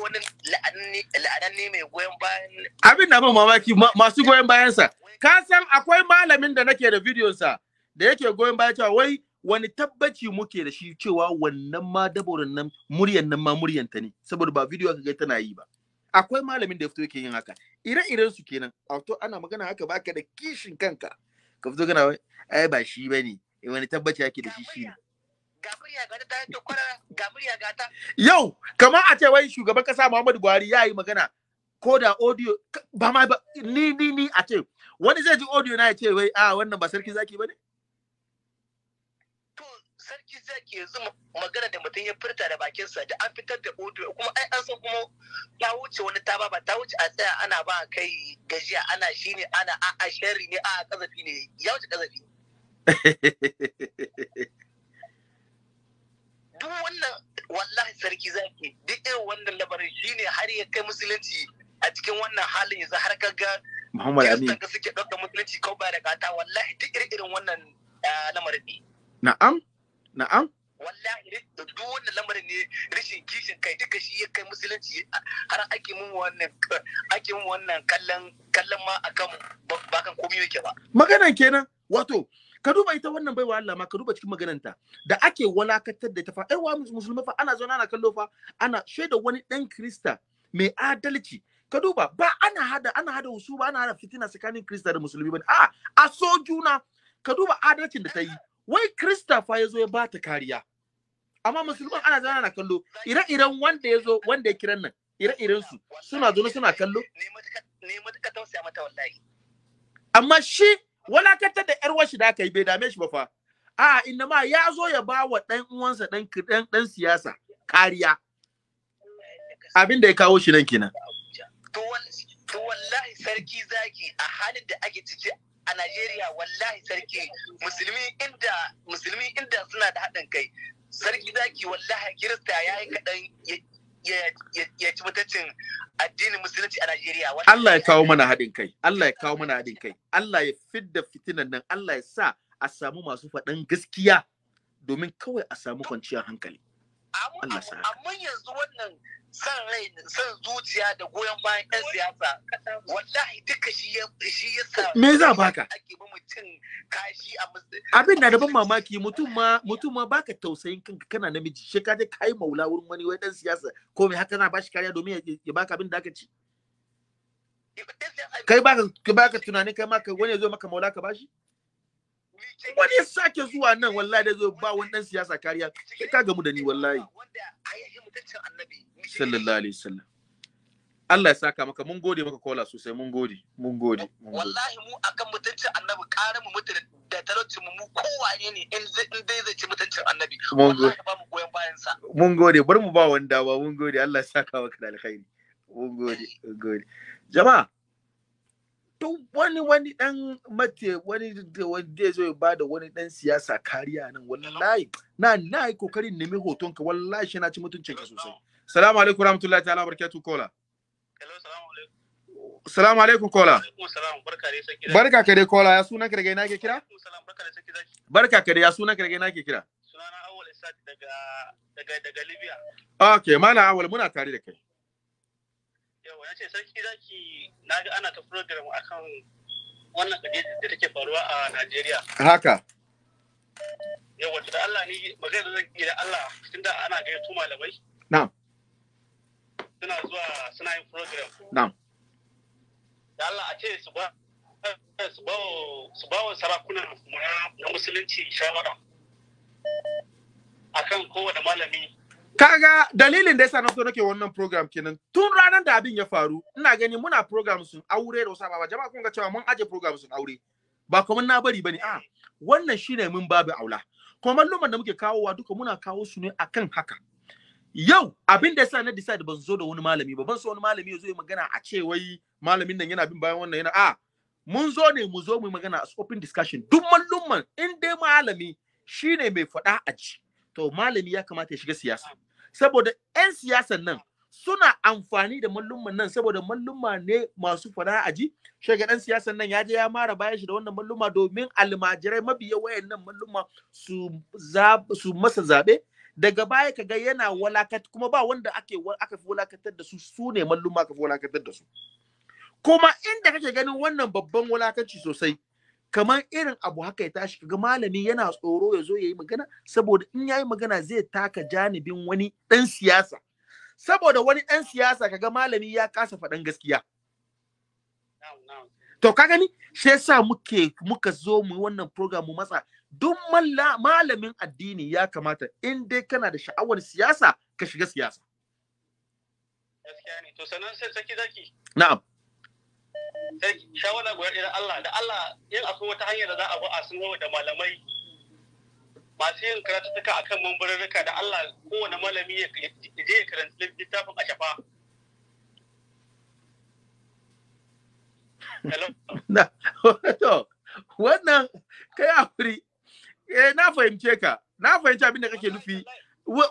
wani la'anan ne mai goyon bayan abin na ba mamaki masu goyon bayansa ka san akwai malamin da nake da bidiyonsa da yake goyon bayan cewa wai wani tabbaci muke da shi cewa wannan ma daborin nan muryan nan ma muryanta ne saboda ba bidiyo ka ga tana yi ba akwai malamin da ya fito yake yin haka ire-iren su kenan a to ana magana haka baka da kishin kanka ka fito wai ai ba shi bane eh, wani tabbaci yake da shi shi yau kamar a ce wai shugaban kasa Muhammadu Buhari ya yi magana ko da audio ba ma ni ni ni a ce wani zai ji audio na ya ce wai a ah, wannan ba sarki zaki bane sarki zaki yanzu magana da mutum ya furta da bakinsa da an fitar da odo kuma ai an san kuma ta wuce wani ta ba ta wuce a tsaya ana ba kai gajiya ana shi ne ana a sharri ne a kazafi ne ya wuce kazafi duk wannan wallahi sarki zaki duk irin wannan labarin shine har ya kai musulunci a cikin wannan halin yanzu har ka ga Muhammad Amin suke ɗaukar musulunci kawai ba da gata wallahi duk irin wannan ah, lamarin Na'am. Na'am. Wallahi da duk wannan lamarin ne rashin kishin kai duka shi ya kai musulunci har ake mun wannan ake mun wannan kallon kallon ma akan ba kan komai yake ba. Maganan kenan wato ka duba ita wannan baiwa Allah ma ka duba cikin magananta da ake walakatar da ta fa ai wa musulmai fa ana zo ana kallo fa ana shaida wani dan krista mai adalci ka duba ba ana hada ana hada ba ana hada fitina tsakanin krista da musulmi ba a a so juna ka duba adalcin da ta yi wai Christopher ya zo ya bata kariya amma musulman ana zana na kallo ire-iren wanda ya zo wanda ya kiran nan ire-iren su suna zo suna kallo amma shi walakantar da yar shi da aka yi bai dame shi ba fa a inna ma ya zo ya ba wa ɗan uwansa ɗan ɗan ɗan siyasa kariya abin da ya kawo shi nan kenan to wallahi sarki zaki a halin da ake ciki a Najeriya wallahi sarki musulmi inda musulmi inda suna da haɗin kai sarki zaki wallahi kirista ya yi kaɗan ya ci mutuncin addinin musulunci a Najeriya. Allah ya kawo mana haɗin kai, Allah ya kawo mana haɗin kai, Allah ya fidda fitinan nan, Allah ya sa a samu masu faɗan gaskiya domin kawai a samu kwanciyar hankali. Amma yanzu wannan san rai san zuciya da goyon bayan yan siyasa wallahi duka shi ya shi ya sa me za baka ake ba mutum kashi a abin na da ban mamaki mutum ma mutum ma baka tausayin kanka kana namiji shi ka je kai maula wurin wani wai dan siyasa ko me haka na bashi kariya domin ya baka abin da aka ci kai baka kai baka tunani kai ma kai wani ya zo maka maula ka bashi wani ya sake zuwa nan wallahi da zo ba wani dan siyasa kariya sai ka gamu da ni wallahi wanda ayahin mutuncin annabi sallallahu alaihi wasallam Allah ya saka maka mun gode maka kola sosai mun gode mun gode wallahi mu akan mutuncin annabi ƙara mu mutu da talauci mu mu kowane ne in dai zai ci mutuncin annabi mun gode ba mu goyen bayan sa mun gode bari mu ba wani ba mun gode Allah ya saka maka da alkhairi mun gode mun gode jama'a duk wani wani dan mate wani wanda zai ba da wani dan siyasa kariya nan wallahi na na yi kokarin nemi hoton ka wallahi na ci mutuncin ka sosai Salamu alaikum rahmatullahi ta'ala barakatuh kola. Hello, salamu alaikum. Salamu alaikum kola. Barka ka dai kola, ya suna ka daga ina ke kira? Barka ka dai, ya suna ka daga ina ke kira? Sunana Awal Isaac daga daga daga Libya. Okay, mana Awal muna tare da kai. Yawa, nace sarki zaki naga ana ta program akan wannan kaje da take faruwa a Najeriya. Haka. Yawa, da Allah ni magana zan yi da Allah tunda ana ga su malamai. Na'am. suna zuwa suna yin program na'am da Allah a ce su ba su ba wa sarakunan na musulunci shawara akan kowane malami kaga dalilin da yasa na so nake wannan program kenan tun ranar da abin ya faru ina gani muna program sun aure da wasu baba jama'a kun cewa mun aje program sun aure ba kuma na bari bane a wannan shine mun babu aula kuma malluman da muke kawowa duka muna kawo su ne akan haka yau abin da yasa na decide ban zo da wani malami ba ban so wani malami ya zo ya magana a ce wai malamin nan yana bin bayan wannan yana a mun zo ne mu zo mu magana a open discussion duk mallumman in dai malami shine mai faɗa a ji to malami ya kamata ya shiga siyasa saboda 'yan siyasan nan suna amfani da mallumman nan saboda mallumma ne masu faɗa a ji, dan siyasan nan ya je ya mara bayan shi da wannan mallumma domin almajirai mabiya wayannan mallumma su su masa zabe daga baya kaga ga yana walakat kuma ba wanda ake aka fi walakatar da su su ne malluma aka fi walakatar da su kuma inda kake ganin wannan babban walakanci sosai kamar irin abu haka ya tashi kaga malami yana tsoro ya zo ya yi magana saboda in ya yi magana zai taka janibin wani ɗan siyasa saboda wani ɗan siyasa kaga malami ya kasa faɗan gaskiya to ka gani shi yasa muke muka zo mu wannan program mu matsa duk malamin addini ya kamata in dai kana da sha'awar siyasa ka shiga siyasa gaskiya ne to sanan sai saki zaki na'am shawara guda idan Allah da Allah yin akwai wata hanyar da za a bi a sun da malamai masu yin karatuttuka akan mambarurruka da Allah kowane malami ya je ya karanta littafin a shafa wannan kai a wuri eh na fahimce ka na fahimci abin da kake nufi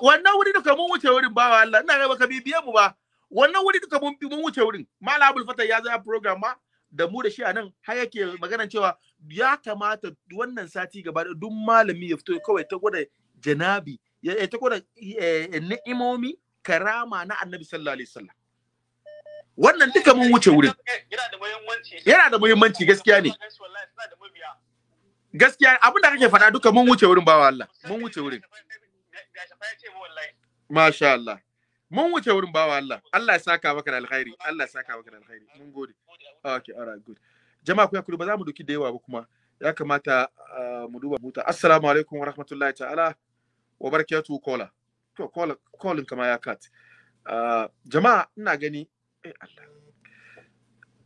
wannan wuri duka mun wuce wurin bawa Allah ina ga baka bibiye mu ba wannan wuri duka mun mun wuce wurin malam abul fatah ya zaya program ma da mu da shi anan har yake magana cewa ya kamata wannan sati gaba da duk malami ya fito kawai ta gwada janabi ya ta gwada eh, ni'imomi karama na annabi sallallahu alaihi wasallam wannan duka mun wuce wurin yana da muhimmanci gaskiya ne gaskiya abin da kake faɗa duka mun wuce wurin bawa Allah mun wuce wurin masha Allah mun wuce wurin bawa Allah Allah ya saka maka da alkhairi Allah ya saka maka da alkhairi mun gode okay all right good jama'a ku yakuri ba za mu duki da yawa ba kuma ya kamata ah, mu duba muta assalamu alaikum wa rahmatullahi ta'ala wa barakatuhu kola to kola kolin kama ya kat ah, jama'a ina gani eh Allah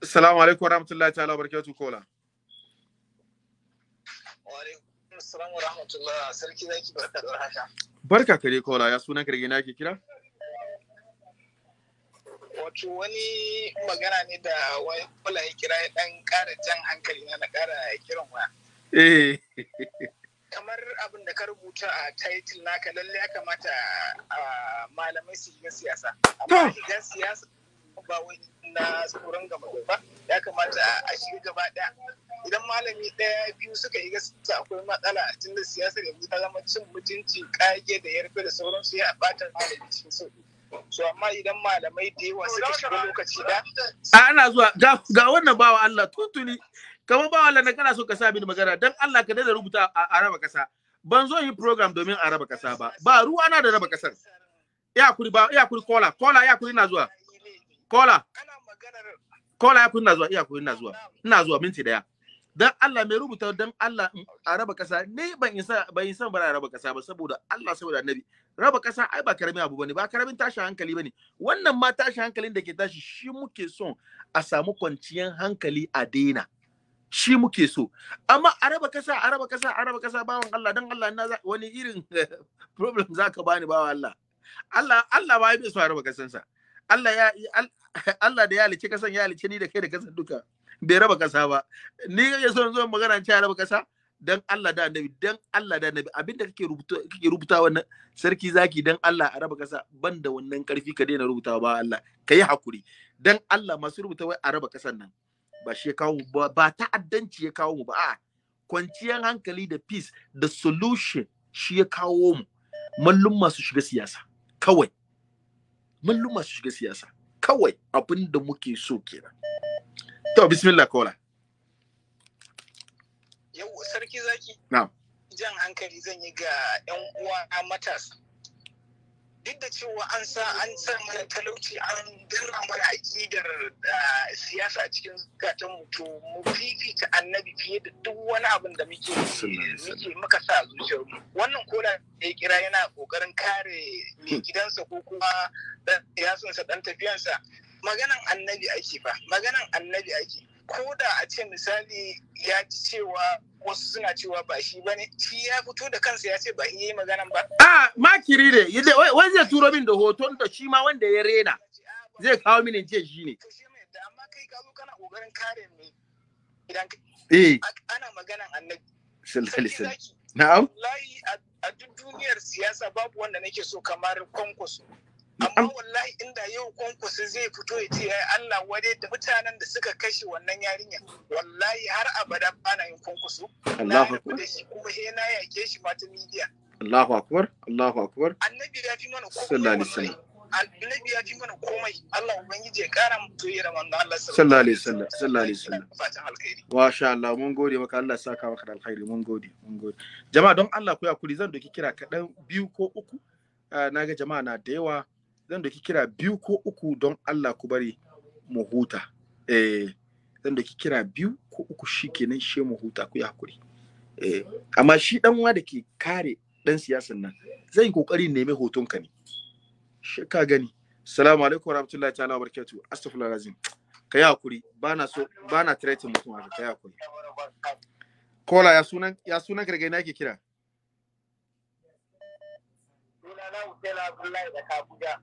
assalamu alaikum wa rahmatullahi ta'ala wa barakatuhu kola rahmatullah sarki zaki barka da warhaka. Barka ka dai kola ya sunan kirgi na ke kira? Wato wani magana ne da wani kula ya kira ya dan kara jan hankali na na kara kiran wa. Eh. Kamar abin da ka rubuta a title naka lalle ya kamata a malamai su yi siyasa. Amma shiga siyasa ba wani na tsoron gaba ba. ya kamata a shiga gaba ɗaya idan malami ɗaya biyu suka yi gaskiya akwai matsala a cikin siyasar yanzu ta zama cin mutunci kage da yarfe da sauransu ya ɓata malami cikin sauƙi so amma idan malamai da yawa suka shiga lokaci da a ana zuwa ga wannan bawa Allah tuntuni kamar bawa Allah na kana so ka sa mini magana dan Allah ka daina rubuta a raba kasa ban zo yi program domin a raba kasa ba ba ruwa na da raba kasar ya kuri ba ya kuri kola kola ya kuri na zuwa kola kana maganar kola ya kunna zuwa iya kunna zuwa ina zuwa minti daya dan Allah mai rubuta dan Allah a raba kasa ne ban isa ban isa ba raba kasa ba saboda Allah saboda annabi raba kasa ai ba karamin abu bane ba karamin tashin hankali bane wannan ma tashin hankalin da ke tashi shi muke son a samu kwanciyar hankali a daina shi muke so amma a raba kasa a raba kasa a raba kasa bawan Allah dan Allah ina wani irin problem zaka bani bawan Allah Allah Allah ba ya so a raba kasansa Allah ya Allah da ya halice kasan ya halice ni da kai da kasan duka bai raba kasa ba ni ya so zo magana ce raba kasa dan Allah da annabi dan Allah da annabi abinda kake rubuta kake rubuta wannan sarki zaki dan Allah a raba kasa banda wannan karfi ka daina rubuta ba Allah kai hakuri dan Allah masu rubuta wai a raba kasan nan ba shi ya kawo ba ba ta'addanci ya kawo mu ba a kwanciyar hankali da peace da solution shi ya kawo mu mallum masu shiga siyasa kawai malluma su shiga siyasa kawai abin da muke so kenan to bismillah kola yau sarki zaki na'am jan hankali zan yi ga yan uwa matasa duk da cewa an sa an sa mana talauci an dirra mana aƙidar eh, siyasa a cikin zukatan mutu mu fifita annabi fiye da duk wani abin da muke muke muka sa zuciyar zuciyarmu wannan kola ya kira yana kokarin kare mai hmm. gidansa ko kuma siyasansa dan tafiyansa maganan annabi ake fa maganan annabi ake ko da a ce misali ya ci cewa wasu suna cewa ba shi bane shi ya fito da kansa ya ce ba shi yayi maganan ba a makiri ne wai zai turo min da hoton da shi ma wanda ya rena zai kawo min ce shi ne amma kai ka zo kana kokarin kare ni idan eh ana maganan annabi sallallahu alaihi wasallam na'am lai a duk duniyar siyasa babu wanda nake so kamar kwankwaso amma wallahi inda yau kwankwaso zai fito ya ce ya Allah wade da mutanen da suka kashe wannan yarinya wallahi har abada bana yin kwankwaso Allahu akbar da shi kuma he na yake shi ma media Allahu akbar Allahu akbar annabi ya fi mana komai annabi ya fi mana komai Allah ubangiji ya kara mu to yira manzo Allah sallallahu alaihi wasallam sallallahu alaihi wasallam fatan alkhairi wa sha Allah mun gode maka Allah saka maka da alkhairi mun gode mun gode jama'a don Allah ku ya kuri zan doki kira kaɗan biyu ko uku ah, na ga jama'a na da yawa zan da kira biyu ko uku don Allah ku bari mu huta eh zan da kira biyu ko uku shikenan she mu huta ku ya hakuri eh amma shi dan da ke kare dan siyasan nan zai kokari neme hoton ka ne shi ka gani assalamu alaikum warahmatullahi ta'ala wabarakatuh astaghfirullah lazim ka yi hakuri bana so bana threatin mutum haka ka yi hakuri kola ya sunan ya sunan kirgai na ke kira sunana Abdullahi da Kabuja.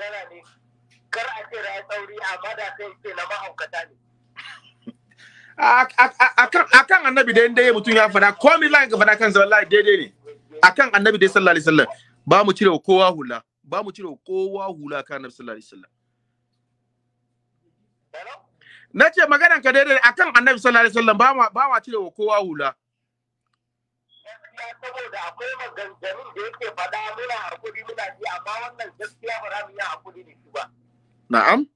magana ne kar a ce rayu tsauri amma da sai ce na mahaukata ne akan annabi da inda mutum ya fada komi lai ga fada kan wallahi daidai ne akan annabi da sallallahu alaihi wasallam ba mu cire kowa hula ba mu cire kowa hula kan annabi sallallahu alaihi wasallam na ce maganan ka daidai akan annabi sallallahu alaihi wasallam ba ma ba ma cire kowa hula faɗa saboda akwai maganganun da yake faɗa muna hakuri muna ji amma wannan gaskiya ba za mu yi hakuri da shi ba. Na'am.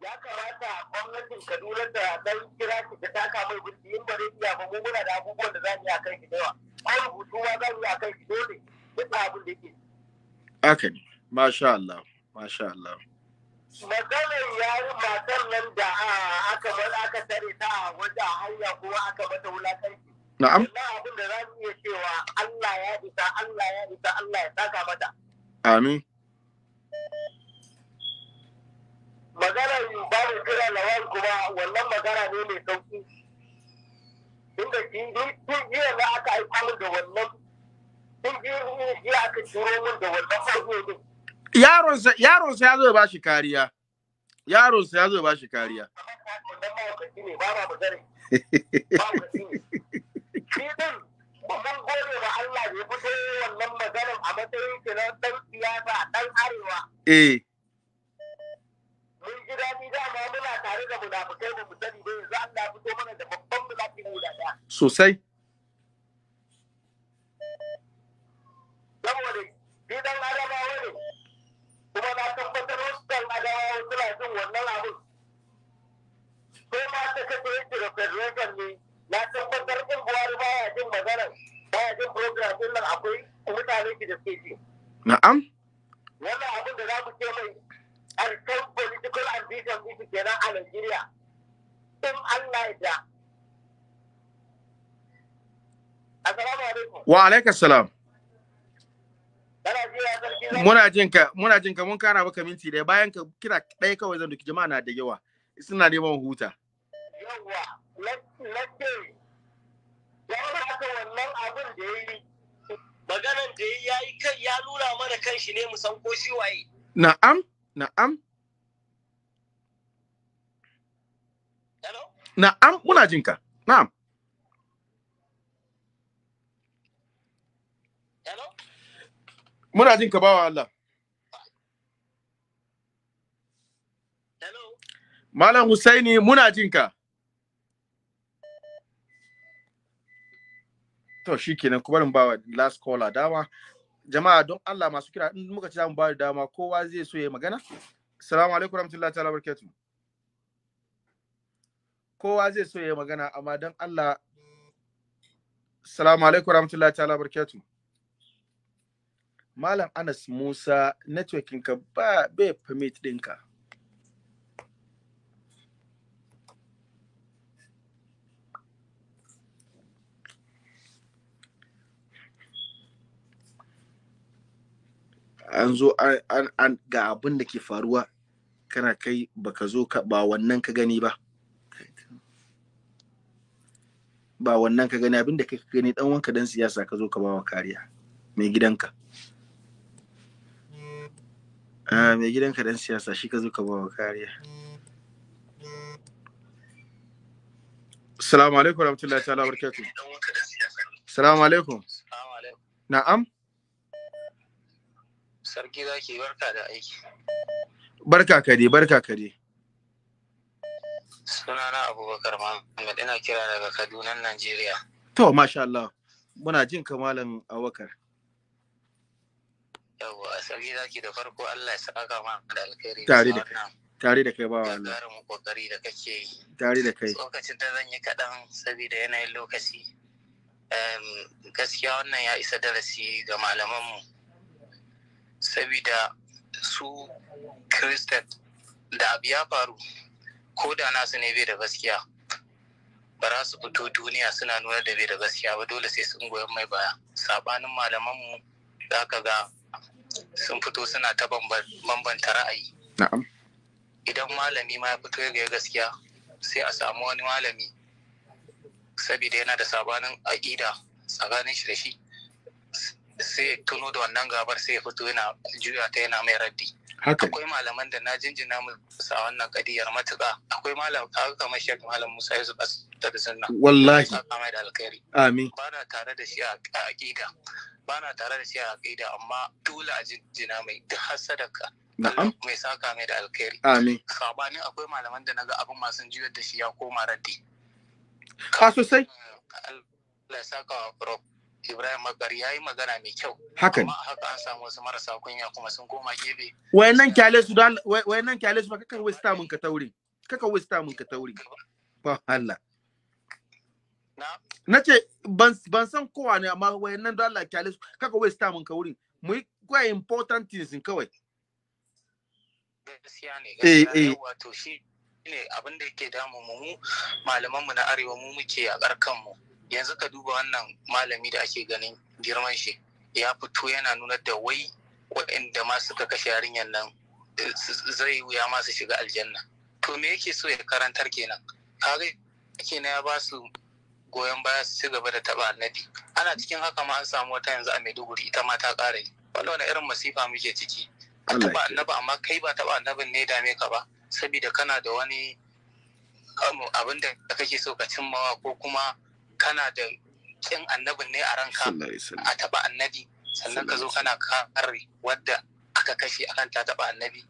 Ya kamata gwamnatin Kaduna ta dan kira shi ta taka mai burki yin bare iya ba mu muna da abubuwan da za mu yi akan shi da yawa. Ko rubutu ma za mu yi akan shi dole duk abin da yake. Haka ne. Masha Allah. Masha Allah. maganar yari matan nan da ah, aka aka tare ta a wajen hanya kuma aka mata wulakanci Na'am. Wallahi abin da za iya cewa Allah ya isa, Allah ya isa, Allah ya saka mata. Amin. Maganar babu kira lawal kuma wannan magana ne mai sauki. Inda tun jiya na aka aika min da wannan tun jiya aka turo min da wannan farko ne. Yaronsa ya zo ya ba shi kariya. Yaronsa ya zo ba shi kariya. Ba ba ba ba ba ba ba ba Kuma mun gode wa Allah ya fito wannan maganin a matsayin ki na dan siyasa dan arewa eh mun ji daɗi da ma muna tare da munafukai da mu sani ba yanzu Allah ya fito mana da babban munafiki guda ɗaya sosai saboda ni dan adamawa ne kuma na tabbatar wasu dan adamawa suna jin wannan abin ko ma ta kace yake da federation ne na tabbatar in buhari baya jin ba baya jin program din nan akwai mutane ki da suke ji na'am wannan abin da za ku ce mai arkan political ambition din kenan a Najeriya in Allah ya da Assalamu alaikum wa alaikum assalam Muna jin ka, muna jin ka mun kara baka minti da bayan ka kira ɗaya kawai zan duki jama'a na da yawa. Suna neman huta. Yawa. na ce da ya yi maganan da ya yi kai ya nuna mana kan shi ne musan ko shi waye na'am na'am na'am muna jinka jin ka bawa Allah Malam Husaini muna jin ka to shikenan ku barin bawa last caller dama jama'a don Allah masu kira in muka ci zamu ba da dama kowa zai so ya magana assalamu alaikum warahmatullahi ta'ala barkatu kowa zai so ya magana amma don Allah assalamu alaikum warahmatullahi ta'ala barkatu Malam Anas Musa networking ka ba bai permit ka. an zo an ga abin da ke faruwa kana kai baka zo ka ba wannan ka gani ba ba wannan ka gani abin da kai ka gani dan wanka dan siyasa ka zo ka ba wa kariya mai gidanka a ah, mai gidanka dan siyasa shi ka zo ka ba wa kariya Assalamu alaikum rahmatullahi ta'ala barakatuh Assalamu alaikum Na'am sarki zaki barka da aiki. Barka ka dai, barka ka dai. Sunana Abubakar Muhammad ina kira daga kadunan Najeriya. To, masha Allah, muna jin kamalan awakar. a sarki zaki da farko Allah ya saka ma da alkhairi. Tare da kai. Tare da kai ba wa Allah. Garin kokari da kake yi. Tare da kai. Lokacin da zan yi kaɗan saboda yanayin lokaci. Gaskiya wannan ya isa darasi ga malamanmu. mu. saboda su kristen da abu ya faru ko da nasu ne bai da gaskiya ba za su fito duniya suna nuna da bai da gaskiya ba dole sai sun goyon mai baya sabanin malamanmu za ka ga sun fito suna ta bambanta ra'ayi idan malami ma ya fito ya gaskiya sai a samu wani malami saboda yana da sabanin aƙida tsakanin shi da shi sai tuno da wannan gabar sai ya fito yana juya ta yana mai raddi akwai malaman da na jinjina musu a wannan kadiyar matuƙa akwai malam kamar shek malam musa zuba ta da sunna wallahi da alkhairi amin ba na tare da shi a aƙida ba na tare da shi a aƙida amma dole a jinjina mai duk hasadaka Na'am. Mai saka mai da alkhairi. Amin. Sabanin akwai malaman da naga abin masu juyar da shi ya koma raddi. Ka sosai. Allah ya saka wa Ibrahim Magar ya yi magana mai kyau. Hakan. Amma haka an samu wasu marasa kunya kuma sun koma gefe. Wayannan kyale su dan wayannan kyale su kakan wista mun ka taure. Kakan wista mun ka taure. Ba Allah. Na ce ban ban san kowa ne amma wayannan da Allah kyale su kakan wista mun ka wuri, Mu yi kwa important things kawai. Gaskiya ne. Eh, gaskiya ne eh. wato shi ne abin da yake damu mu malaman mu na arewa mu muke a karkan mu. yanzu ka duba wannan malami da ake ganin girman shi ya fito yana nuna da wai waɗanda ma suka kashe yarinyar nan zai wuya ma su shiga aljanna to me yake so ya karantar kenan kaga kenan ya ba su goyon baya su ci gaba da taba annabi ana cikin haka ma an samu wata yanzu a maiduguri ita ma ta ƙara yi wanda wani irin masifa muke ciki A taba annabi amma kai ba taba annabin ne dame ka ba saboda kana da wani um, abin da kake so ka cimmawa ko kuma kana da kin annabin ne a ranka a taba annabi sannan ka zo kana kare wadda aka kashe akan ta taba annabi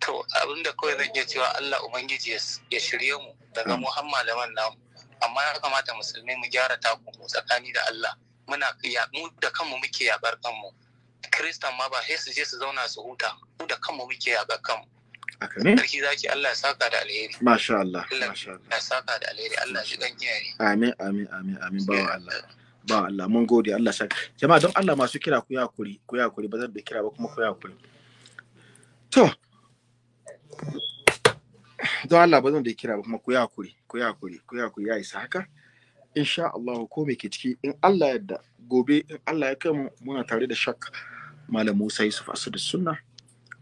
to abinda kawai zan iya cewa Allah ubangiji ya shirye mu daga hmm. mu har malaman namu amma ya kamata musulmi mu gyara taku mu tsakani da Allah muna ya mu da kanmu muke yabar kanmu kristan ma ba sai su je su zauna su huta mu da kanmu muke yabar kanmu sarki zaki Allah saka da alheri masha Allah masha Allah ya saka da alheri Allah shi kan kiyaye amin amin amin amin bawa Allah ba Allah mun gode Allah sha jama'a don Allah masu kira ku yakuri ku yakuri ba zan bai kira ba kuma ku yakuri to don Allah ba zan bai kira ba kuma ku yakuri ku yakuri ku yakuri ya isa haka insha Allah ko me ke ciki in Allah yadda gobe in Allah ya kai mu muna tare da shakka malam Musa Yusuf Asadu Sunna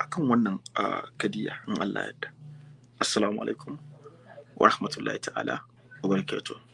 akan wannan kadiya ah, in Allah ya yarda assalamu alaikum wa rahmatullahi ta'ala wa barakatuh